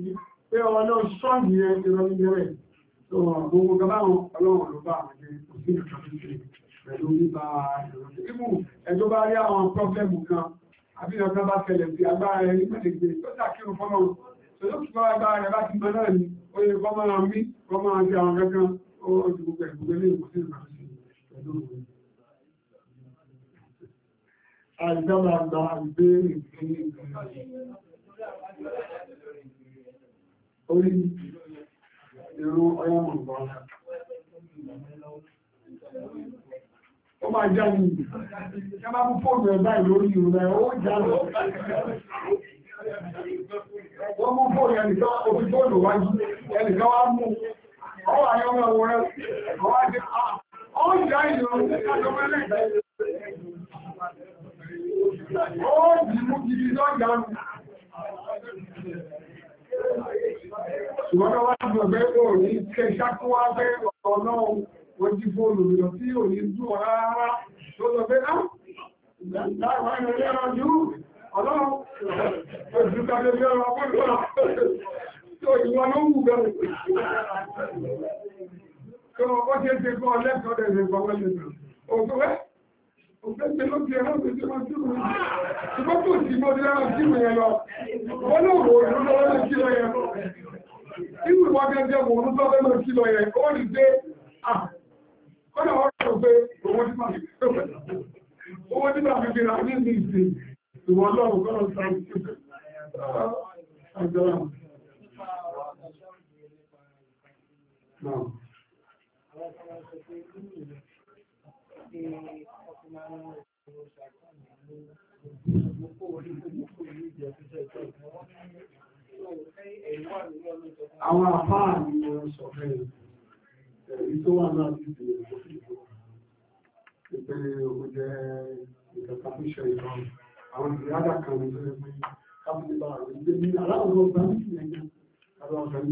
pé ọlọ́ sọ́ọ̀nì yẹn ìrọ̀lẹ́rẹ́ Gbogbo gaba ọlọ́run ló bá àwọn ẹgbẹ́ òṣèlú kan tó ṣe pẹ̀lú bíbá ìrọ̀lẹ́. Ibù ẹjọ́ bá rí àwọn pọ́blẹ́mù kan àbí ọ̀gá bá tẹ̀lẹ̀ sí agbára ẹni pẹ̀lẹ̀gbẹ̀ tó sàkírun fọ́lọ́run. Tòlókù bá agbára rẹ̀ bá ti mọ náà ni, ó yẹ kọ́ máa ń mí, kọ́ máa ń jẹ àwọn kankan, ó ti gbogbo ẹ̀gbùgbẹ́ ní ìwòsàn kan ṣe pẹ̀lú òun. Àìjọba àgbà ìbéèrè orí èrò ọwọ́ mọ̀gbọ́
ó máa já ní
ìjọba bú fóònù ẹ̀bá ìlórí ìrùnà ó já lọ wọ́n mú fóònù ẹnìkan òfin fóònù wájú ẹnìkan wá mú ọwọ́ àyọ́mọ̀ wọ́n rẹ̀ ah, ó já ìrùn ó dìmú gidi lọ́jà Ṣùgbọ́n wá gbọ̀gbẹ́ kò ní kẹṣá kó wá fẹ́ ọlọ́run wọ́n jí fóònù lọ tí ò ah, ní dùn rárá tó lọ pé á láàrín ẹ̀rọ ẹ̀rọ jù ọlọ́run ojú kàbẹ̀ bí ọ̀rọ̀ ọpọlọ tó ìwọ ló wù bẹ̀rẹ̀. Tó ọkọ̀ ṣe ṣe kọ́ lẹ́kọ̀ọ́ Òfẹ́sẹ̀ ló fi ẹ̀rọ ìgbésẹ̀ máa tí wọ́n. Ṣùgbọ́n kò sí mọ́ bí lára sí ìwọ̀n lọ. Wọ́n ló wò ó lọ́wọ́ lọ sí lọ Àwọn àfáà ni wọ́n sọ fẹ́ ẹ̀rí tó wà náà ti bèèrè ìgbòkìgbò. Ìpele ó jẹ́ ìkẹta fún ṣe ìrọ̀rùn. Àwọn ìrádà kan ní tó yẹ pé káàkiri bá rẹ̀ ń gbé ní aláwọ̀ ọgbà ní ìyẹn jẹ́ aláwọ̀ ní